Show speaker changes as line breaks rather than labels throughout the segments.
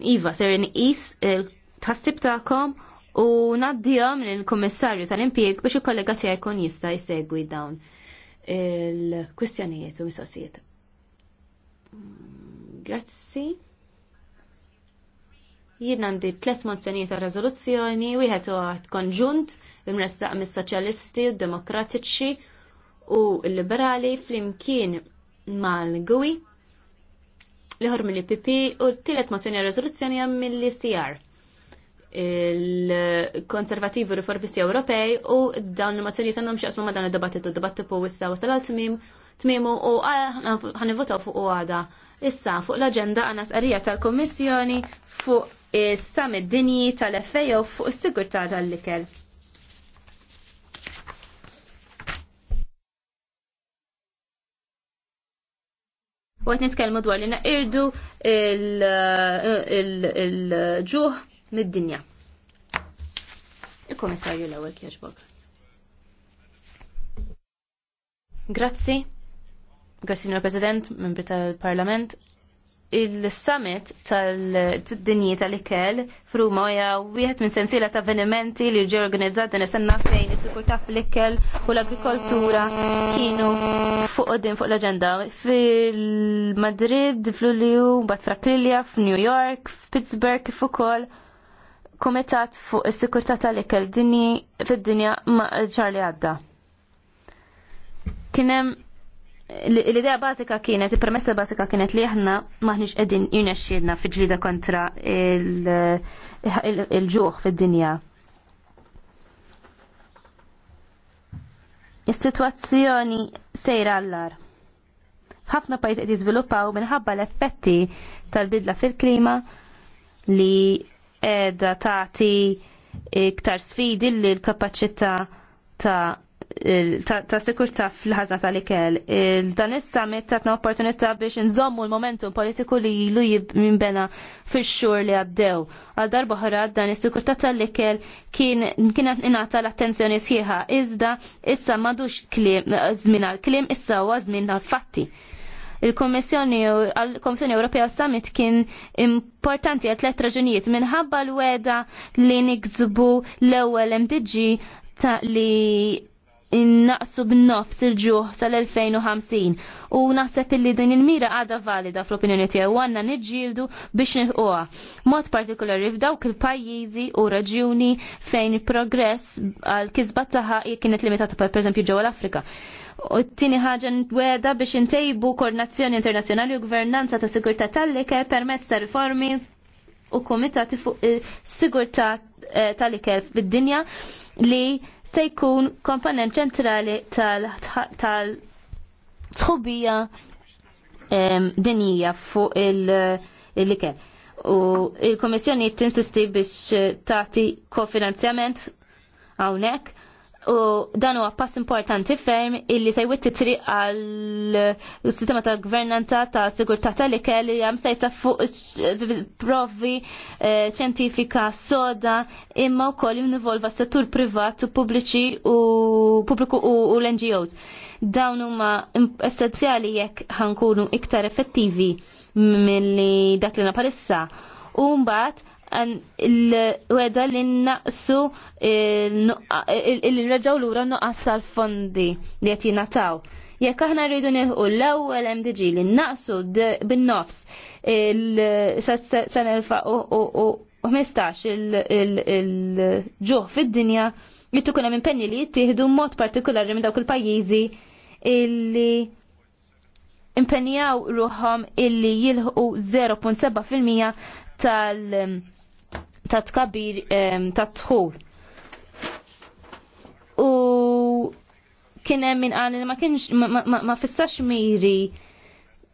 Iva, ser is tassib ta'kom u naddijom il kommissarju tal-Impjeg biex il-kollega tiegħi kon jista' jsegwi dawn il-kwistjonijiet u mistoqsijiet. Grazzi. Jien għandi tliet mozzjonijiet ta' rezoluzzjoni, wieħed għad konġunt imressaq mis-soċjalisti, demokratiċi u l-liberali flimkien mal-gwi liħor mill-PP u t tillet mozzjoni għal rezoluzzjoni għam mill-ICR il-konservativi riformisti Ewropej u dawn il-mozzjoni tagħhom x'qasmu ma' dan id-dibattitu dibattitu wissa wasal għal tmim tmimu u ħanivotaw fuq għada. Issa fuq l-aġenda għanas għarija tal-Kommissjoni fuq is-summit dinji tal-FAO fuq is-sigurtà tal likel U għet nitkellmu dwar li naqirdu il-ġuħ mid-dinja. Il-komissarju l-ewel kieġbog. Grazzi. Grazzi, Signor President, membri tal-Parlament il-summit tal-dinji tal-ikel fruma hija wieħed minn sensiela ta' avvenimenti li ġew organizzati nisemna fejn is-sikurtà fl-ikel u l-agrikoltura kienu fuq din fuq l-aġenda fil-Madrid, fl-Ulju, bat fraklilja, f'New York, f'Pittsburgh kif ukoll komitat fuq is-sikurtà tal-ikel dinji fid-dinja ma' ċar li għadda. Kien hemm l-idea bażika kienet, il-premessa bażika kienet li aħna maħniġ qegħdin jinexxielna fiġlida kontra il-ġuħ fid-dinja. Is-sitwazzjoni sejra allar. F'ħafna pajjiż qed jiżviluppaw minħabba l-effetti tal-bidla fil-klima li qiegħda tagħti iktar sfidi lill kapaċità ta' ta' sikurta fil-ħazna tal-ikel. Dan is-summit tatna opportunità biex nżommu l-momentum politiku li minn bena fix-xhur li għaddew. Għal darba ħra dan is-sikurta tal-ikel kien kienet ingħata l-attenzjoni sħiħa iżda issa m'għadux klim, żmien għal kliem issa huwa żmien għal fatti Il-Kommissjoni għal-Kommissjoni Ewropea Summit kien importanti għal tliet raġunijiet minħabba l-weda li nikzbu l-ewwel MDG ta' li innaqsu b'nofs il-ġuħ sal-2050 u naħseb illi din il-mira għada valida fl-opinjoni tiegħu għandna niġġieldu biex nilquha. Mod partikolari f'dawk il-pajjiżi u raġuni fejn il-progress għal kisba tagħha kienet limitata pereżempju ġewwa l-Afrika. U t-tini ħaġa weda biex intejbu koordinazzjoni internazjonali u gvernanza ta' sigurta tal-like permezz ta' riformi u komitati fuq eh, sigurta eh, tal-like fid-dinja li se jkun komponent ċentrali tal-tħubija dinija fuq il-likel. U il-Komissjoni tinsisti biex tagħti kofinanzjament hawnhekk U dan huwa pass importanti ferm illi se jwitti triq għal sistema ta' gvernanza ta' sigurtà tal-ikel li hemm se fuq provi ċentifika eh, soda imma wkoll jinvolva settur privat u pubbliċi u pubbliku u l-NGOs. Dawn huma essenzjali jekk ħankunu iktar effettivi milli dak li na U mbagħad il-weda li naqsu il-reġaw l-ura nuqqas tal-fondi li qed jingħataw. Jekk aħna rridu nilħu l-ewwel MDG li naqsu bin-nofs il-sen 15 il-ġuħ fid-dinja jittu kuna minn penni li jittieħdu mod partikolari minn dawk il-pajjiżi illi impenjaw ruħom illi jilħu 0.7% tal- ta' tkabir ta' tħul. U kien hemm min qal ma kienx ma fissax miri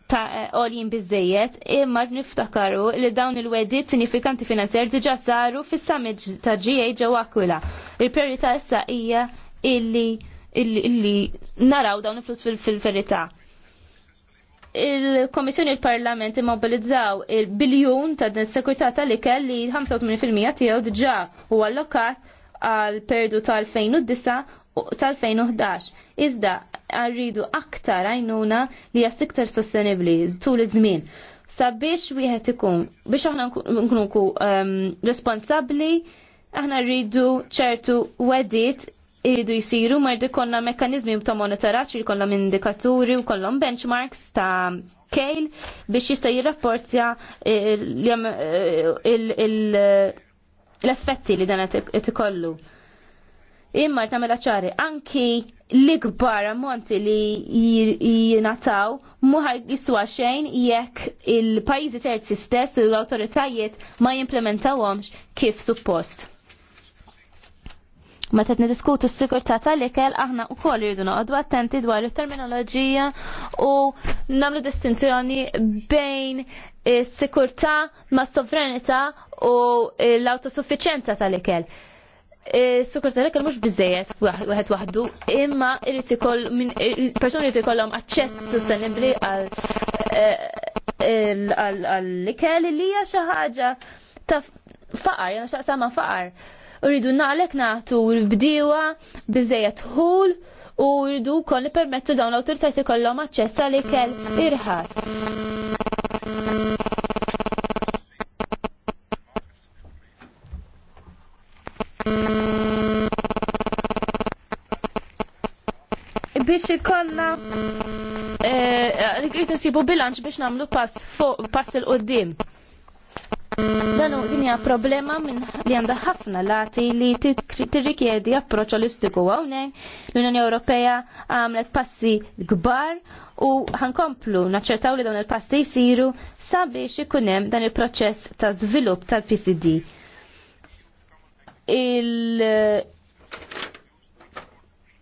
ta' għolin bizzejiet, imma niftakaru li dawn il-wedit sinifikanti finanzjer diġa saru fis summit ta' GA ġewwa akwila. Il-priorità issa hija illi illi naraw dawn il-flus fil-verità il-Komissjoni il-Parlament immobilizzaw il-biljun ta' din sekurità tal-ikel li 85% tiegħu diġà u allokat għal perdu tal-2009 u tal-2011. Iżda rridu aktar għajnuna li għas iktar sostenibli tul iż-żmien. Sabiex wieħed ikun biex aħna nkunu um, responsabbli aħna rridu ċertu wedit iridu jisiru ma jridu konna mekkaniżmi ta' monitoraċ li kollha indikaturi u kollhom benchmarks ta' kejl biex jista' jirrapportja eh, l-effetti li dan qed ikollu. Imma qed nagħmel ċari anki l-ikbar ammonti li jinataw muħaj jiswa xejn jekk il-pajjiżi terzi stess u l-awtoritajiet ma jimplementawhomx kif suppost. Meta qed diskutu s sikurta tal-ikel aħna wkoll jridu noqogħdu attenti dwar it-terminoloġija u nagħmlu distinzjoni bejn is-sikurtà ma' sovranità u l-autosuffiċenza tal-ikel. Is-sukur tal-ikel mhux biżejjed wieħed waħdu, imma irid ikoll minn persuni jrid ikollhom aċċess sostenibbli eh, għall-ikel li hija xi ħaġa ta' faqar, jena xaqsa ma' faqar rridu naqlek nagħtu l bdiwa biżejjed ħul u rridu li permettu dawn l-awtoritajiet ikollhom aċċess li kell irħas. biex ikonna eh, rikritu sibu bilanċ biex namlu pass il-qoddim. Dan din hija problema minn li għandha ħafna lati li tirrikjedi approċċ holistiku hawnhekk l-Unjoni Ewropea għamlet passi kbar u ħankomplu naċċertaw li dawn il-passi jsiru sabiex ikun hemm dan il-proċess ta' żvilupp tal-PCD. Il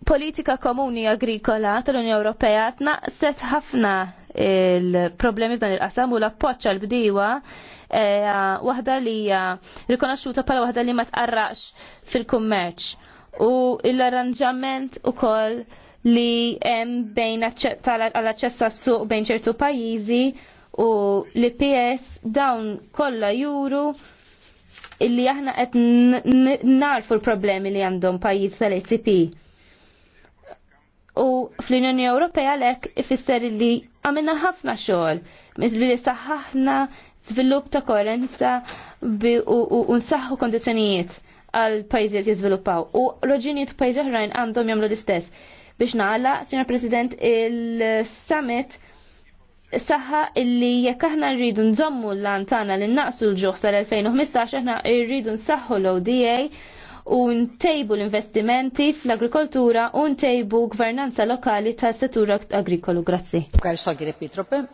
politika komuni agrikola tal-Unjoni Ewropea tnaqset ħafna il-problemi f'dan il-qasam u l-appoċċa l-bdiewa eh, waħda li hija rikonoxxuta bħala waħda li ma tqarraqx fil-kummerċ u l-arranġament ukoll li hemm bejn għall-aċċess għas-suq bejn ċertu pajjiżi u li PS dawn kollha juru illi aħna qed narfu l-problemi li għandhom pajjiż tal-ACP u fl-Unjoni Ewropea lek ifisser li għamilna ħafna xogħol miżli li saħħaħna żvilupp ta' koerenza u nsaħħu kondizzjonijiet għal pajjiżiet jiżviluppaw u roġinijiet pajjiżi oħrajn għandhom jagħmlu l-istess. Biex nagħla, Sinjor President, il-summit saħħa illi jekk aħna rridu nżommu l-lantana li naqsu l-ġuħ sal-2015 aħna rridu nsaħħu l-ODA u ntejbu l-investimenti fl-agrikoltura u ntejbu gvernanza lokali ta' settur agrikolu. Grazzi.
Ευχαριστώ κύριε Επίτροπε.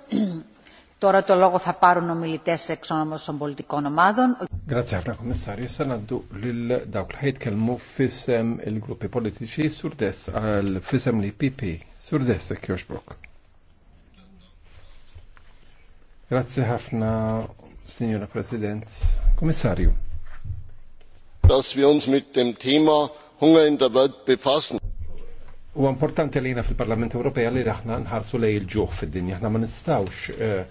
Τώρα το λόγο θα πάρουν ομιλητέ εξ ονόματο των πολιτικών ομάδων.
Grazie ħafna kommissarju, sa naddu lil dawk ħajt kelmu fissem il-gruppi politiċi surdes għal fissem li PP, surdes Kirschbrook. Grazie ħafna, Signora President, Kommissarju dass wir uns mit dem Thema Hunger in der Welt befassen. U importanti li jina fil-Parlament Ewropea li raħna nħarsu lej il-ġuħ fil-dinja, ħna ma nistawx eh,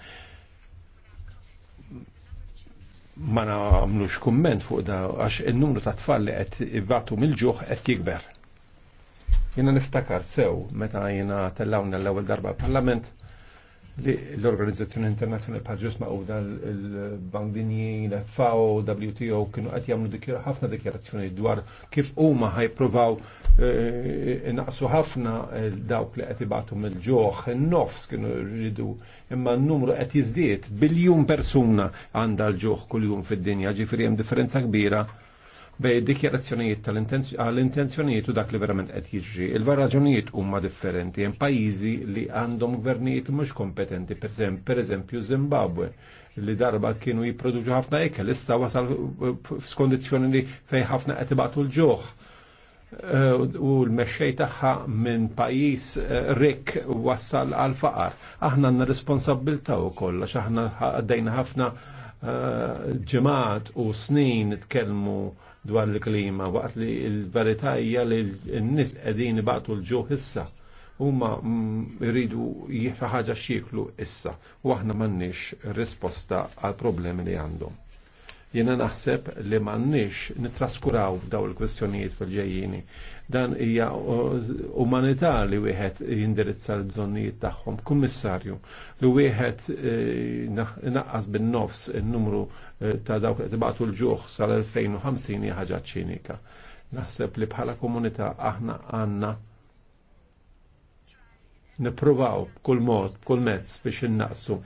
ma namlux kumment fuq da għax il-numru ta' tfal li qed ibatu mill-ġuħ qed jikber. Jina niftakar sew meta jina tellawna l-ewwel darba parlament l-Organizzazzjoni Internazzjonali bħal ġus u l-Bank Dinji, l-FAO, WTO kienu qed jagħmlu ħafna dikjarazzjoni dwar kif huma ħajpruvaw eh, eh, naqsu ħafna eh, dawk li qed ibatu mill-ġoħ, in-nofs kienu rridu imma n-numru qed jiżdied biljun persuna għandha l-ġoħ kuljum fid-dinja, ġifieri jem differenza kbira bej dikjarazzjonijiet tal-intenzjonijiet u dak li verament qed jiġri. Il-varraġunijiet huma differenti hemm pajjiżi li għandhom gvernijiet mhux kompetenti, pereżempju Zimbabwe li darba kienu jipproduċu ħafna ikel, issa wasal f'skondizzjoni li fej ħafna qed ibaqtu l-ġoħ eh, u l-mexxej tagħha minn pajjiż eh, rik wassal għal faqar. Aħna għandna responsabilta wkoll għax aħna għaddejna ħafna Eh, ġemat u snin tkellmu dwar il-klima waqt li l-verità hija li n-nies qegħdin ibaqtu l-ġuħ issa huma jridu mm, jieħra ħaġa xieklu issa u aħna m'għandniex risposta għal problemi li għandhom. Jena naħseb li mannix nitraskuraw daw il-kwestjonijiet fil-ġejjini. Dan hija uh, umanità li wieħed jindirizza l-bżonnijiet tagħhom. Kummissarju, li wieħed eh, naqqas bin-nofs in-numru eh, ta' dawk li tibgħatu l-ġuħ sal-2050 hija ħaġa ċinika. Naħseb li bħala komunità aħna għandna nipruvaw b'kull mod, b'kull mezz biex innaqsu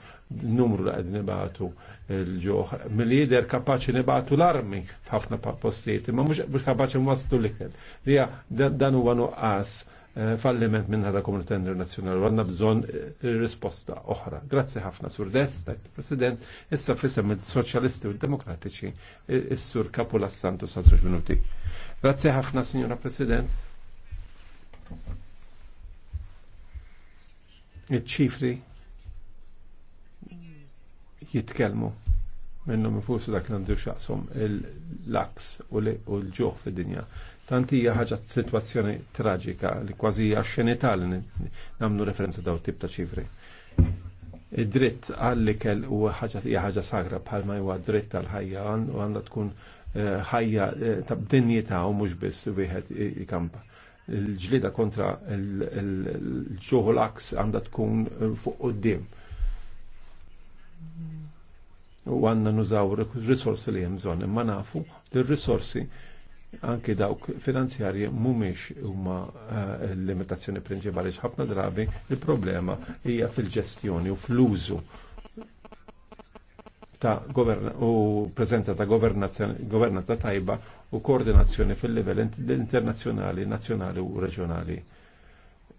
numru li għedni batu l ġuħ Mill-lider kapaxi nibatu l-armi f'ħafna postijiet, ma mhux kapaċi nwaslu l-ikel. Dija dan u għanu għas eh, falliment minn ħada komunità internazjonali, għanna bżon eh, risposta oħra. Grazzi ħafna sur Des, President, issa fissem il-Soċjalisti u Demokratiċi, eh, is-Sur Kapula Santos għal minuti. Grazzi ħafna, Signora President. Thank you iċ-ċifri jitkelmu minnhom ifusu dak nandu xaqsum il aks u l ġuħ fid-dinja. Tanti hija ħaġa situazzjoni traġika li kważi hija xenità li nagħmlu referenza daw tip ta' ċifri id-dritt għall-ikel u ħaġa sagra bħalma huwa dritt għal-ħajja u għandha tkun eh, ħajja eh, ta' dinjità u mhux biss wieħed ikampa il-ġlida kontra il-ġuħu l-aks għanda tkun fuq qoddim. U għanna nużaw risorsi li jemżon, imma nafu li risorsi anki dawk finanzjarji mumiex huma eh, l-limitazzjoni prinċipali ħafna drabi il-problema hija fil-ġestjoni u fl-użu ta' u prezenza ta' governanza tajba u koordinazzjoni fil-livell internazzjonali, nazzjonali u reġjonali.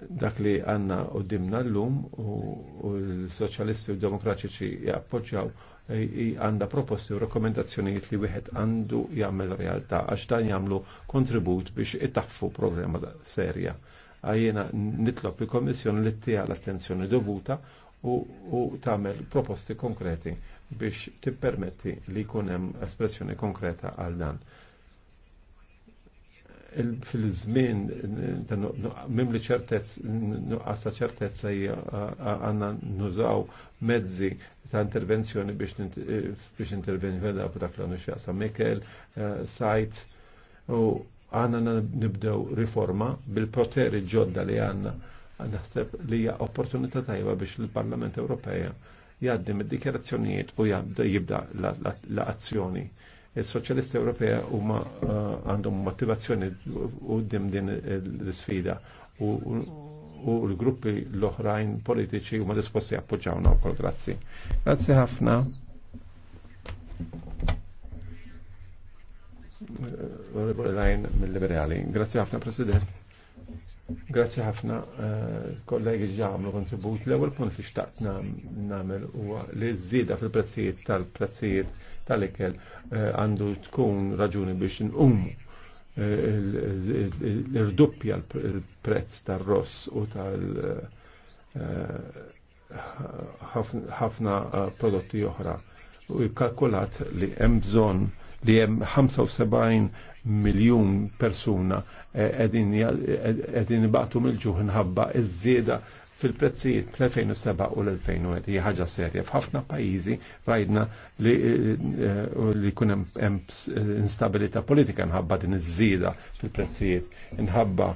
Dak li għanna u dimna l-lum u l-soċjalisti u demokratiċi jappoġġaw għanda proposti u rekomendazzjonijiet li wieħed għandu jagħmel realtà għax dan jagħmlu kontribut biex itaffu programma serja. Għajjena nitlob il-Kommissjoni li tija l-attenzjoni dovuta u, u tagħmel proposti konkreti biex tippermetti li jkun hemm espressjoni konkreta għal dan fil-żmien mim li ċertezz nuqqasa ċertezza għanna nużaw mezzi ta' intervenzjoni biex intervenju għedha dak l xaqsa Mikel, eh, sajt u għanna nibdew riforma bil-proteri ġodda li għanna naħseb li hija opportunità tajba biex il-Parlament Ewropeja jgħaddim id dikjerazzjonijiet u jibda l-azzjoni. La, la, la il-Soċjalisti Ewropea huma eh, għandhom motivazzjoni u din l-sfida u l-gruppi l-oħrajn politiċi huma disposti appoġġawna wkoll grazzi. Grazzi ħafna. Onorevole mill-Liberali. Grazzi ħafna President. Grazie ħafna eh, kollegi ġamlu kontribut. L-ewwel punt li xtaqt nagħmel huwa li żieda fil-prezzijiet tal-prezzijiet tal-ikel eh, għandu tkun raġuni biex nqumu eh, l-irduppja l-prezz tal-ross u tal-ħafna eh, prodotti oħra. U jikkalkulat li hemm bżonn li hemm 75 miljun persuna qegħdin e, baqtu mill-ġuħ inħabba iż-żieda fil-prezzijiet fl-2007 u l 2008 hija ħaġa serja. F'ħafna pajjiżi rajdna li e, kun hemm e, instabilità politika nħabba din iż-żieda fil-prezzijiet inħabba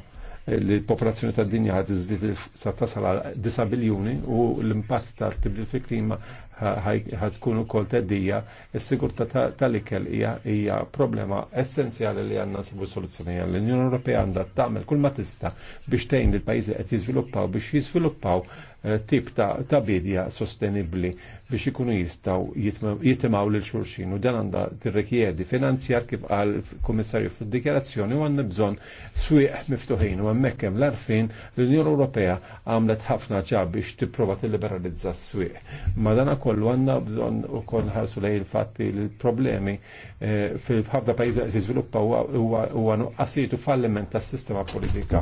li l-popolazzjoni tad-dinja ħad iżdied sa tasal 9 biljuni u l-impatt tal-tibdil fil-klima ħatkun kol teddija, il sigurta tal-ikel hija problema essenzjali li għandna nsibu soluzzjoni l-Unjoni Ewropea għandha tagħmel kull ma tista' biex tgħin l pajjiżi qed jiżviluppaw biex jiżviluppaw eh, tip ta' bidja sostenibbli biex ikunu jistaw jitimaw lil xurxin u dan għanda tirrikjedi finanzjar kif għal komissarju fil-dikjarazzjoni u għanna bżon swieq miftuħin u għammekkem l-arfin l-Unjoni Ewropea għamlet ħafna ġab biex tipprova t-liberalizza s-swieq. Ma dan kollu għanna bżon u koll ħarsu lej il-fatti l-problemi eh, fil-ħafda pajiz għet jizviluppa u għanu għasitu falliment tas sistema politika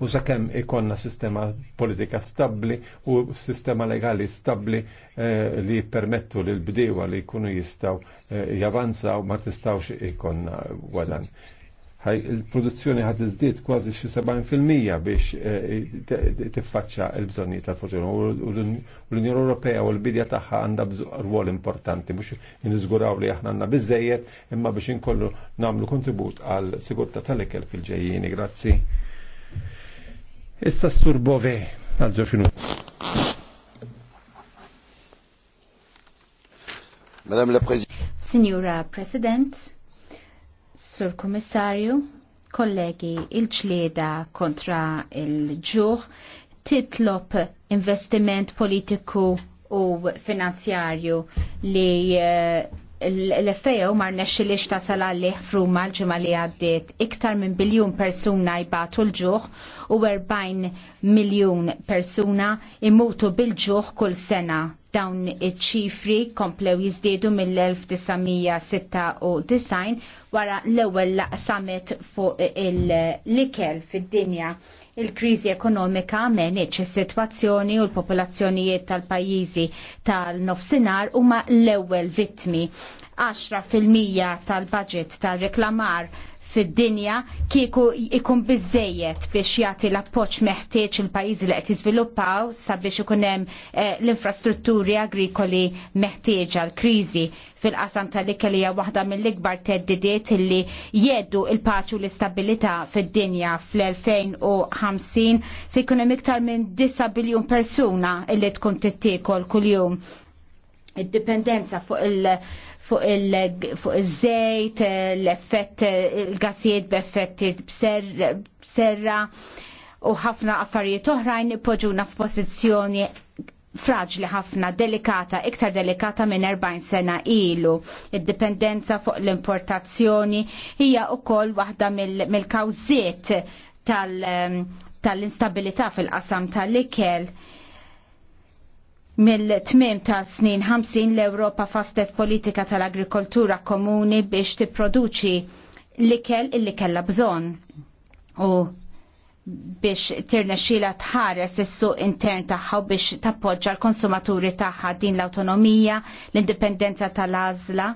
u sakemm ikonna sistema politika stabli u sistema legali stabli eh, li permettu li l-bdewa li jkunu jistaw eh, javanzaw ma tistawx ikonna għadan il-produzzjoni ħad iżdied kważi xi 70% biex eh, tiffaċċa l-bżonnijiet tal-futur. U l-Unjoni Ewropea u l-bidja tagħha għandha rwol importanti biex niżguraw li aħna għandna biżejjed imma biex inkollu nagħmlu kontribut għal sigurtà tal-ikel fil-ġejjieni. Grazzi. Issa Sur Bove għal ġofinu. Madame la Presidente.
Signora President. Sur Kommissarju, kollegi, il-ċlieda kontra il-ġuħ titlob investiment politiku u finanzjarju li eh, l fejo mar li ta' salalli fruma l-ġimma li għaddiet iktar minn biljun persuna jbatu l-ġuħ u 40 miljun persuna imutu bil-ġuħ kull sena Dawn iċ-ċifri komplew jiżdiedu mill-1996 wara l-ewwel summit fuq il-likel fid-dinja. Il-kriżi ekonomika menieċ is-sitwazzjoni u l-popolazzjonijiet tal-pajjiżi tal-nofsinhar huma l-ewwel vittmi. 10% tal-budget tal-reklamar fid-dinja kieku ikun bizzejiet biex jagħti l-appoġġ meħtieġ il-pajjiżi li qed jiżviluppaw sabiex ikun hemm eh, l-infrastrutturi agrikoli meħtieġa l-kriżi fil-qasam tal-ikel hija waħda mill-ikbar teddidiet illi jeddu il-paċu l-istabilità fid-dinja fl-2050 se jkun hemm iktar minn 9 biljun persuna illi tkun tittiekol kuljum id-dipendenza fuq il- fuq iż-żejt, l-effett, il-gassijiet b'effetti b'serra u ħafna affarijiet oħrajn ipoġuna f'pożizzjoni fraġli ħafna delikata, iktar delikata minn 40 sena ilu. Id-dipendenza fuq l-importazzjoni hija wkoll waħda mill-kawżiet tal- tal-instabilità fil-qasam tal-ikel. instabilità fil qasam tal ikel Mill-tmim ta' snin 50 l-Europa fastet politika tal-agrikoltura komuni biex tipproduċi l-ikel illi kella bżon. U biex tirnexxila tħares is-suq intern tagħha u biex tappoġġa l-konsumaturi tagħha din l-awtonomija, l-indipendenza tal-għażla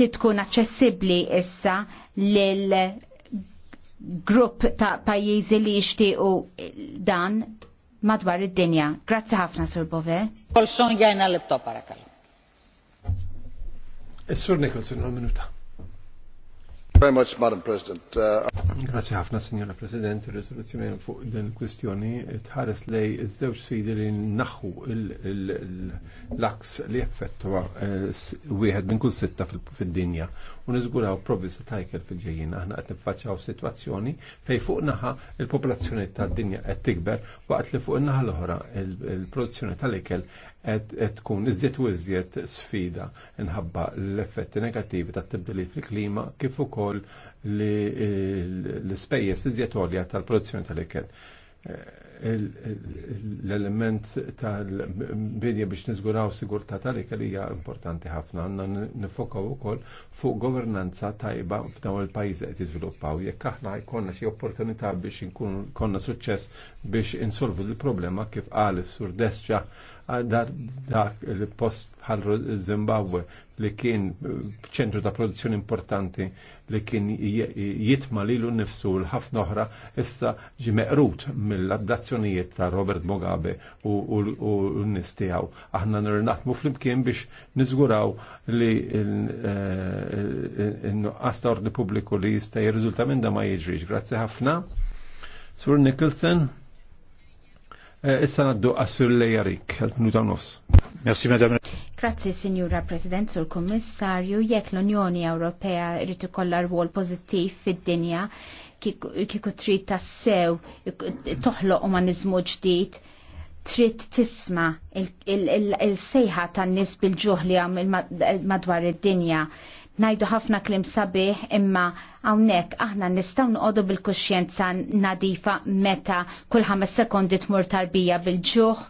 titkun aċċessibbli issa lil grupp ta' pajjiżi li jixtiequ dan madwar id-dinja. Grazzi ħafna, Sur Bove. Olson jajna l-laptop, parakal.
sur Nicholson, għal minuta. Very much, Madam President. Uh, Grazie ħafna, Signora President. Il-resoluzzjoni fuq din il-kwistjoni tħares lej iż-żewġ sfidi li naħħu l-aks li effettwa eh, wieħed minn kull sitta fid-dinja u niżguraw provvista tajker fil-ġejjin. Aħna qed niffaċċaw sitwazzjoni fejn fuq naħa il-popolazzjoni tad-dinja qed tikber waqt li fuq in-naħa l-oħra il-produzzjoni tal-ikel qed tkun iżjed u iżjed sfida inħabba l-effetti negattivi ta' tibdiliet fil-klima kif ukoll eh, l-ispejjeż iżjed għolja tal-produzzjoni tal-ikel. Eh, l-element tal-bidja biex niżguraw sigurtà tal-ikel hija importanti ħafna għandna nifokaw ukoll fuq governanza tajba f'dawn il-pajjiżi qed jiżviluppaw. Jekk aħna jkollna xi opportunità biex inkun konna suċċess biex insolvu l-problema kif qal is-sur Desċa dak il-post bħal Zimbabwe li kien ċentru ta' produzzjoni importanti li kien jitma lilu nnifsu l-ħafna oħra issa ġi meqrut mill-abdazzjonijiet ta' Robert Mugabe u l nis Aħna Aħna fl flimkien biex nizguraw li n-nuqqas eh, ordni publiku li jista' jirriżulta minn da ma jiġrix. Grazzi ħafna. Sur Nicholson. Eh, issa naddu għassur lejjarik, għal-minuta nofs. Merci, madame.
Grazzi, Signora President, sul Kommissarju, jekk l-Unjoni Ewropea rrit ikollha rwol pożittiv fid-dinja kieku trid tassew toħloq umanizmu ġdid, trid tisma il-sejħa tan-nies bil-ġuħ li madwar id-dinja najdu ħafna klim sabiħ imma għawnek aħna nistaw nqodu bil-kuxjenza nadifa meta kull ħames sekondi tmur tarbija bil-ġuħ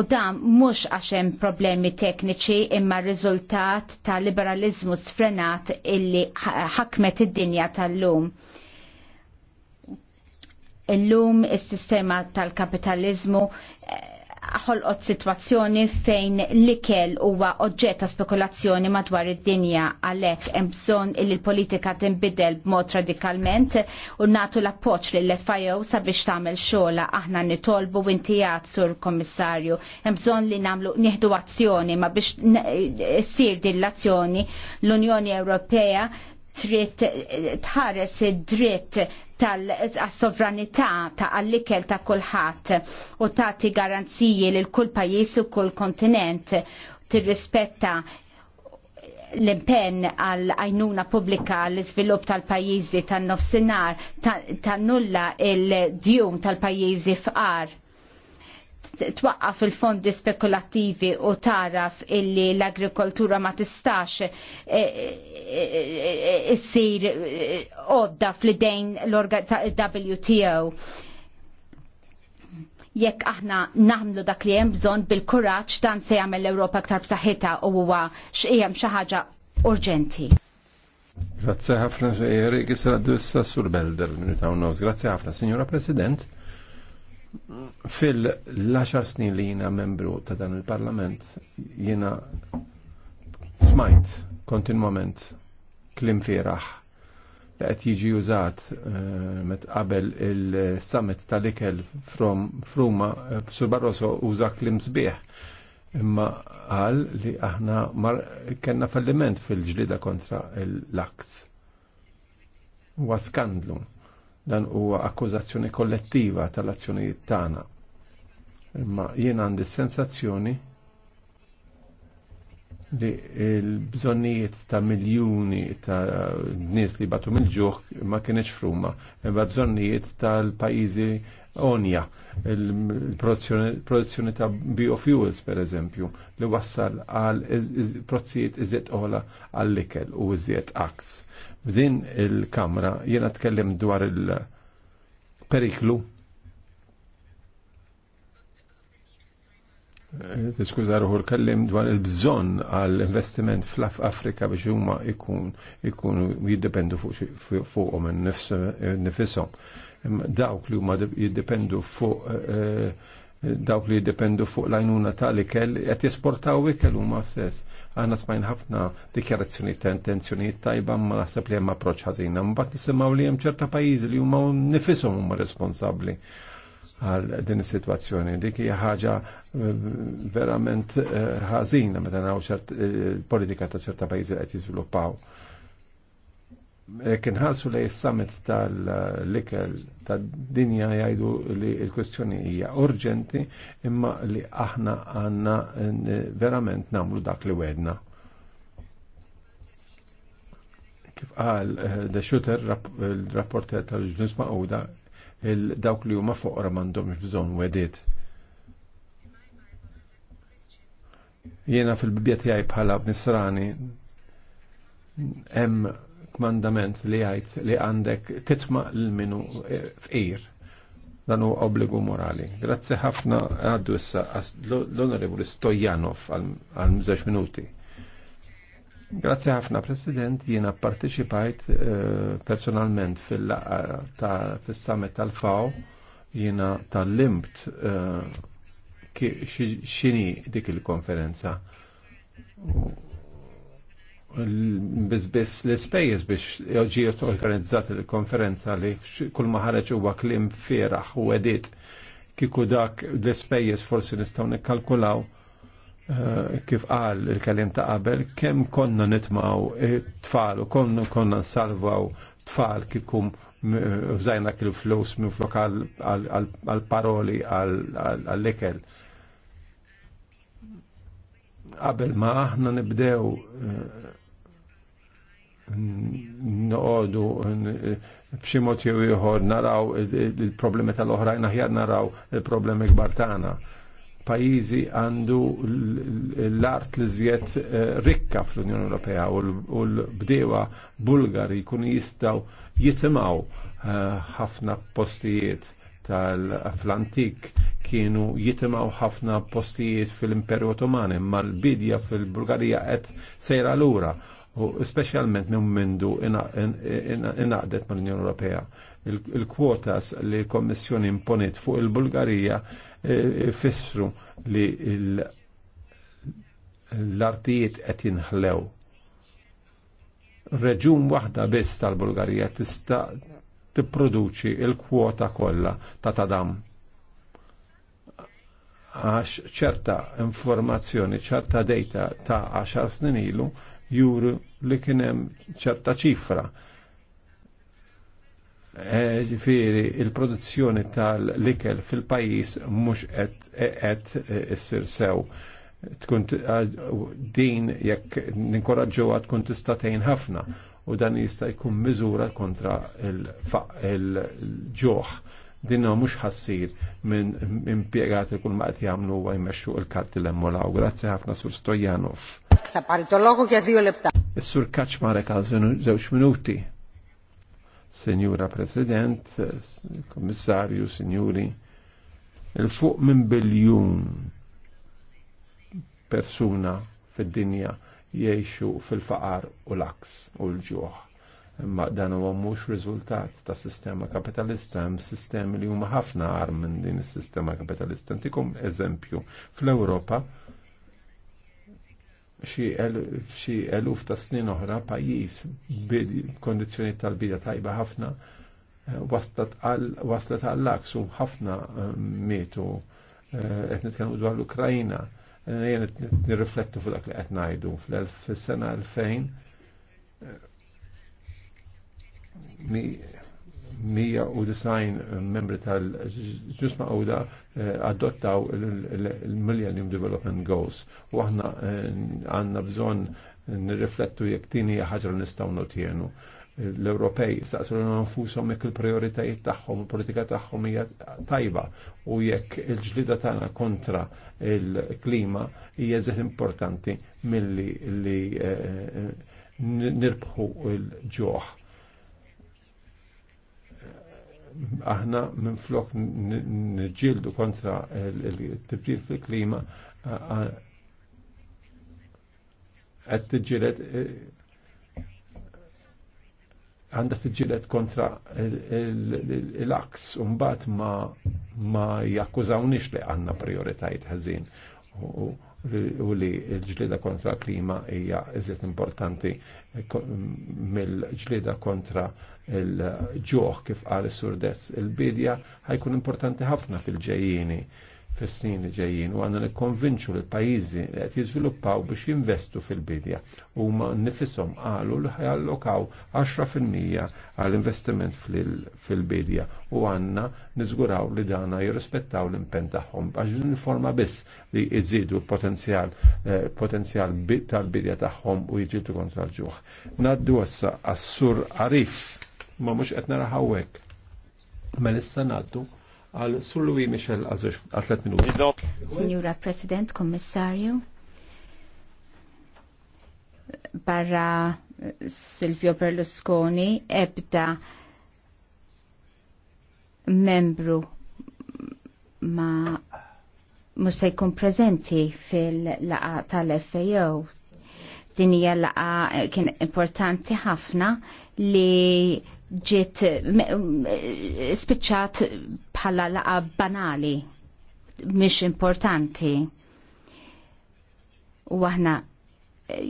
u dan mhux għax hemm problemi tekniċi imma riżultat ta' liberalizmu sfrenat illi ħakmet id-dinja tal-lum. Illum is-sistema tal-kapitalizmu eh, ħolqot situazzjoni fejn l-ikel huwa oġġett ta' spekulazzjoni madwar id-dinja għalhekk hemm bżonn li l-politika tinbidel b'mod radikalment u nagħtu l-appoġġ lill fio sabiex tagħmel xogħla aħna nitolbu għad sur kommissarju. Hemm bżonn li nagħmlu nieħdu azzjoni ma biex issir din l-azzjoni l-Unjoni Ewropea trid tħares id-dritt tal-sovranità ta' għallikel ta' kulħadd u tagħti garanziji l kull pajjiż u kull kontinent tirrispetta l-impenn għal għajnuna pubblika l iżvilupp tal-pajjiżi tan-nofsinhar tannulla nulla il-djum tal-pajjiżi fqar twaqqaf il-fondi spekulattivi u taraf illi l-agrikoltura ma tistax eh, eh, eh, issir odda fl-idejn l-WTO jekk aħna naħmlu dak li hemm bżonn bil-kuraġġ dan se jagħmel l-Ewropa aktar b'saħħitha u huwa x'qiegħem xi ħaġa urġenti.
Grazzi ħafna xejjer, issa sur Belder minn ta' Grazzi ħafna, Signora President. Fil-10 snin li jina membru ta' dan il-parlament jina smajt kontinwament klim firaħ li qed jiġi użat eh, met qabel il-summit tal-ikel fruma eh, Sur Barroso uża klim sbieħ imma qal li aħna mar kena falliment fil-ġlida kontra l-aks. Huwa skandlu Dan huwa akkużazzjoni kollettiva tal-azzjonijiet tagħna. Imma jien għandi sensazzjoni li l-bżonnijiet ta' miljuni ta' nies li batu mill-ġuħ ma kienx fruma, imma bżonnijiet tal pajjiżi onja, il-produzzjoni ta' biofuels per eżempju, li wassal għal prozzijiet iżiet ola għall-ikel u iżiet aks. B'din il-Kamra jiena tkellem dwar il-periklu Diskuza eh, ruħu l-kellim dwar il-bżon għal-investiment fl-Afrika biex huma ikun ikun jiddependu minn nifisom. Dawk li huma jiddependu fuq eh, dawk li jiddependu fuq l-għajnuna tal-ikel, għet jisportaw ikel u stess. Għanna smajn ħafna dikjarazzjoni ta' intenzjoni tajba ma naħseb li jemma proċ għazina. Mbatt nisimaw li jem ċerta pajizi li huma nifisom huma responsabli għal din is-sitwazzjoni. Dik hija ħaġa eh, verament eh, ħażina meta naw eh, politika ta' ċerta pajjiżi qed jiżviluppaw kien ħarsu lej summit tal-likel tad-dinja jgħidu li l-kwestjoni hija urġenti imma li aħna għanna verament namlu dak li wedna. Kif qal eh, da xuter il rapportet tal-ġnus il dawk li huma foqra mandom bżonn wedit. Jiena fil-bibja tiegħi bħala nisrani hemm mandament li għajt li għandek titma l-minu f'ir. Dan huwa obbligu morali. Grazzi ħafna għaddu issa l-Onorevoli Stojanov għal żewġ minuti. Grazzi ħafna President, jiena parteċipajt eh, personalment fil fis-summit tal-FAO jiena tal-limt eh, xini dik il-konferenza bizbis l-spejjeż biex ġiet organizzat il-konferenza li kull ma ħareġ huwa klim fieraħ u edit kieku dak l-spejjeż forsi nistgħu nikkalkulaw eh, kif qal il-kalim ta' qabel kemm konna nitmaw tfal u konna konna nsalvaw tfal kikum użajna kil flus minn flok għal paroli għal ikel qabel ma aħna nibdew eh, noqogħdu b'xi jew ieħor naraw il-problemi tal-oħrajn aħjar naraw il-problemi kbar tagħna. Pajjiżi għandu l-art li żjed rikka fl-Unjoni Ewropea u l-bdewa Bulgari jkunu jistgħu jitimaw ħafna postijiet tal-Atlantik kienu jitimaw ħafna postijiet fil-Imperu Ottoman, imma l-bidja fil-Bulgarija qed sejra lura u specialment minn mindu inaqdet mal-Unjoni Ewropea. Il-kwotas li l-Kommissjoni imponit fuq il-Bulgarija e, e, fissru li l-artijiet qed jinħlew. Reġun waħda biss tal-Bulgarija tista' tipproduċi il-kwota kollha ta' tadam għax ċerta informazzjoni, ċerta data ta' 10 snin ilu juru li kienem ċerta ċifra. E, ġifiri, il-produzzjoni tal-likel fil-pajis mux qed issir sew. Tkun din jekk ninkoraġġuha tkun tista' tgħin ħafna u dan jista' jkun miżura kontra il-ġoħ. Dinna mhux ħassir minn impjegati kull ma qed jagħmlu huwa jmexxu l-karti l-emmolaw. Grazzi ħafna sur Stojanov. Is Sur Kaczmarek għal żewġ minuti. Senjura President, Kommissarju, Senjuri, il-fuq minn biljun persuna fid-dinja jiexu fil-faqar u l-aks u l-ġuħ. Imma dan huwa mhux riżultat ta' sistema kapitalista, hemm sistemi li huma ħafna għar minn din is-sistema kapitalista. Ntikom eżempju, fl-Ewropa Xi eluf ta' snin oħra pajjiż b'kondizzjoni tal-bida tajba ħafna eh, waslet għall laqsu ħafna eh, mietu eh, qed nitkellmu dwar l-Ukrajna. Jien nirriflettu fuq dak li qed ngħidu fl-sena 2000 190 membri tal-ġusma għawda eh, adottaw il-Millennium Development Goals u aħna eh, għanna bżon nirriflettu jek tini ħagġa nistaw notjenu l-Ewropej saqsu l-nfusom il-prioritajiet tagħhom, il-politika tagħhom hija tajba u jekk il-ġlida tagħna kontra il-klima hija eżet importanti milli li eh, nirbħu l-ġoħ aħna minn flok nġildu kontra il-tibdil fil-klima għed t-ġilet għanda t-ġilet kontra l-aks unbat ma jakkużawnix li għanna prioritajt ħazin u li l-ġlida kontra klima hija iżiet importanti eh, mm, mill-ġlida kontra l-ġuħ kif qal is-surdess. Il-bidja ħajkun importanti ħafna fil-ġejjini fis-snin li ġejjin u għandna nikkonvinċu li pajjiżi li qed jiżviluppaw biex jinvestu fil-bidja huma nifisom qalu li ħajallokaw 10% għall-investiment fil-bidja u għandna niżguraw li dana jirrispettaw l-impenn tagħhom għax informa biss li jżidu eh, potenzjal potenzjal tal-bidja tagħhom u jiġidu kontra l-ġuħ. Naddu għassa għas-sur Arif ma mhux qed hawnhekk. Mel-issa naddu għal Sulwi Michel għal 3 minuti. Signora
President, Kommissarju, barra Silvio Berlusconi ebda membru ma mux se jkun prezenti fil-laqa tal-FAO. Din hija laqa kien importanti ħafna li ġiet eh, spiċċat bħala laqa banali mhix importanti u aħna eh,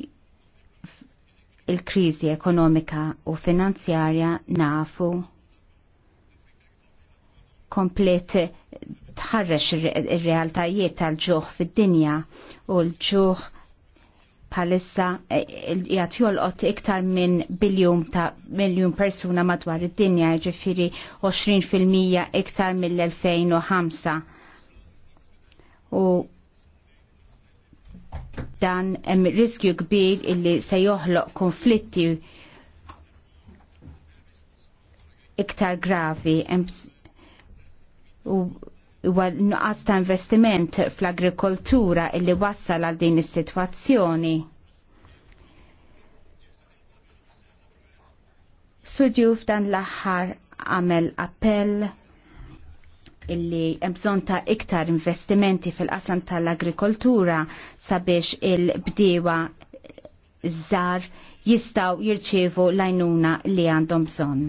il-kriżi ekonomika u finanzjarja nafu komplet tħarrex ir-realtajiet tal-ġuħ fid-dinja u l-ġuħ palissa e, jgħat jolqot iktar minn biljum ta' miljum persuna madwar id-dinja ġifiri 20% iktar mill-2005. U dan hemm riskju kbir illi se joħloq konflitti iktar gravi u huwa nuqqas ta' investiment fl-agrikoltura illi wassal għal din is-sitwazzjoni. Sudju f'dan l-aħħar għamel appell illi bżon ta' iktar investimenti fil-qasam tal-agrikoltura sabiex il-bdewa żar jistaw l lajnuna li għandhom bżon.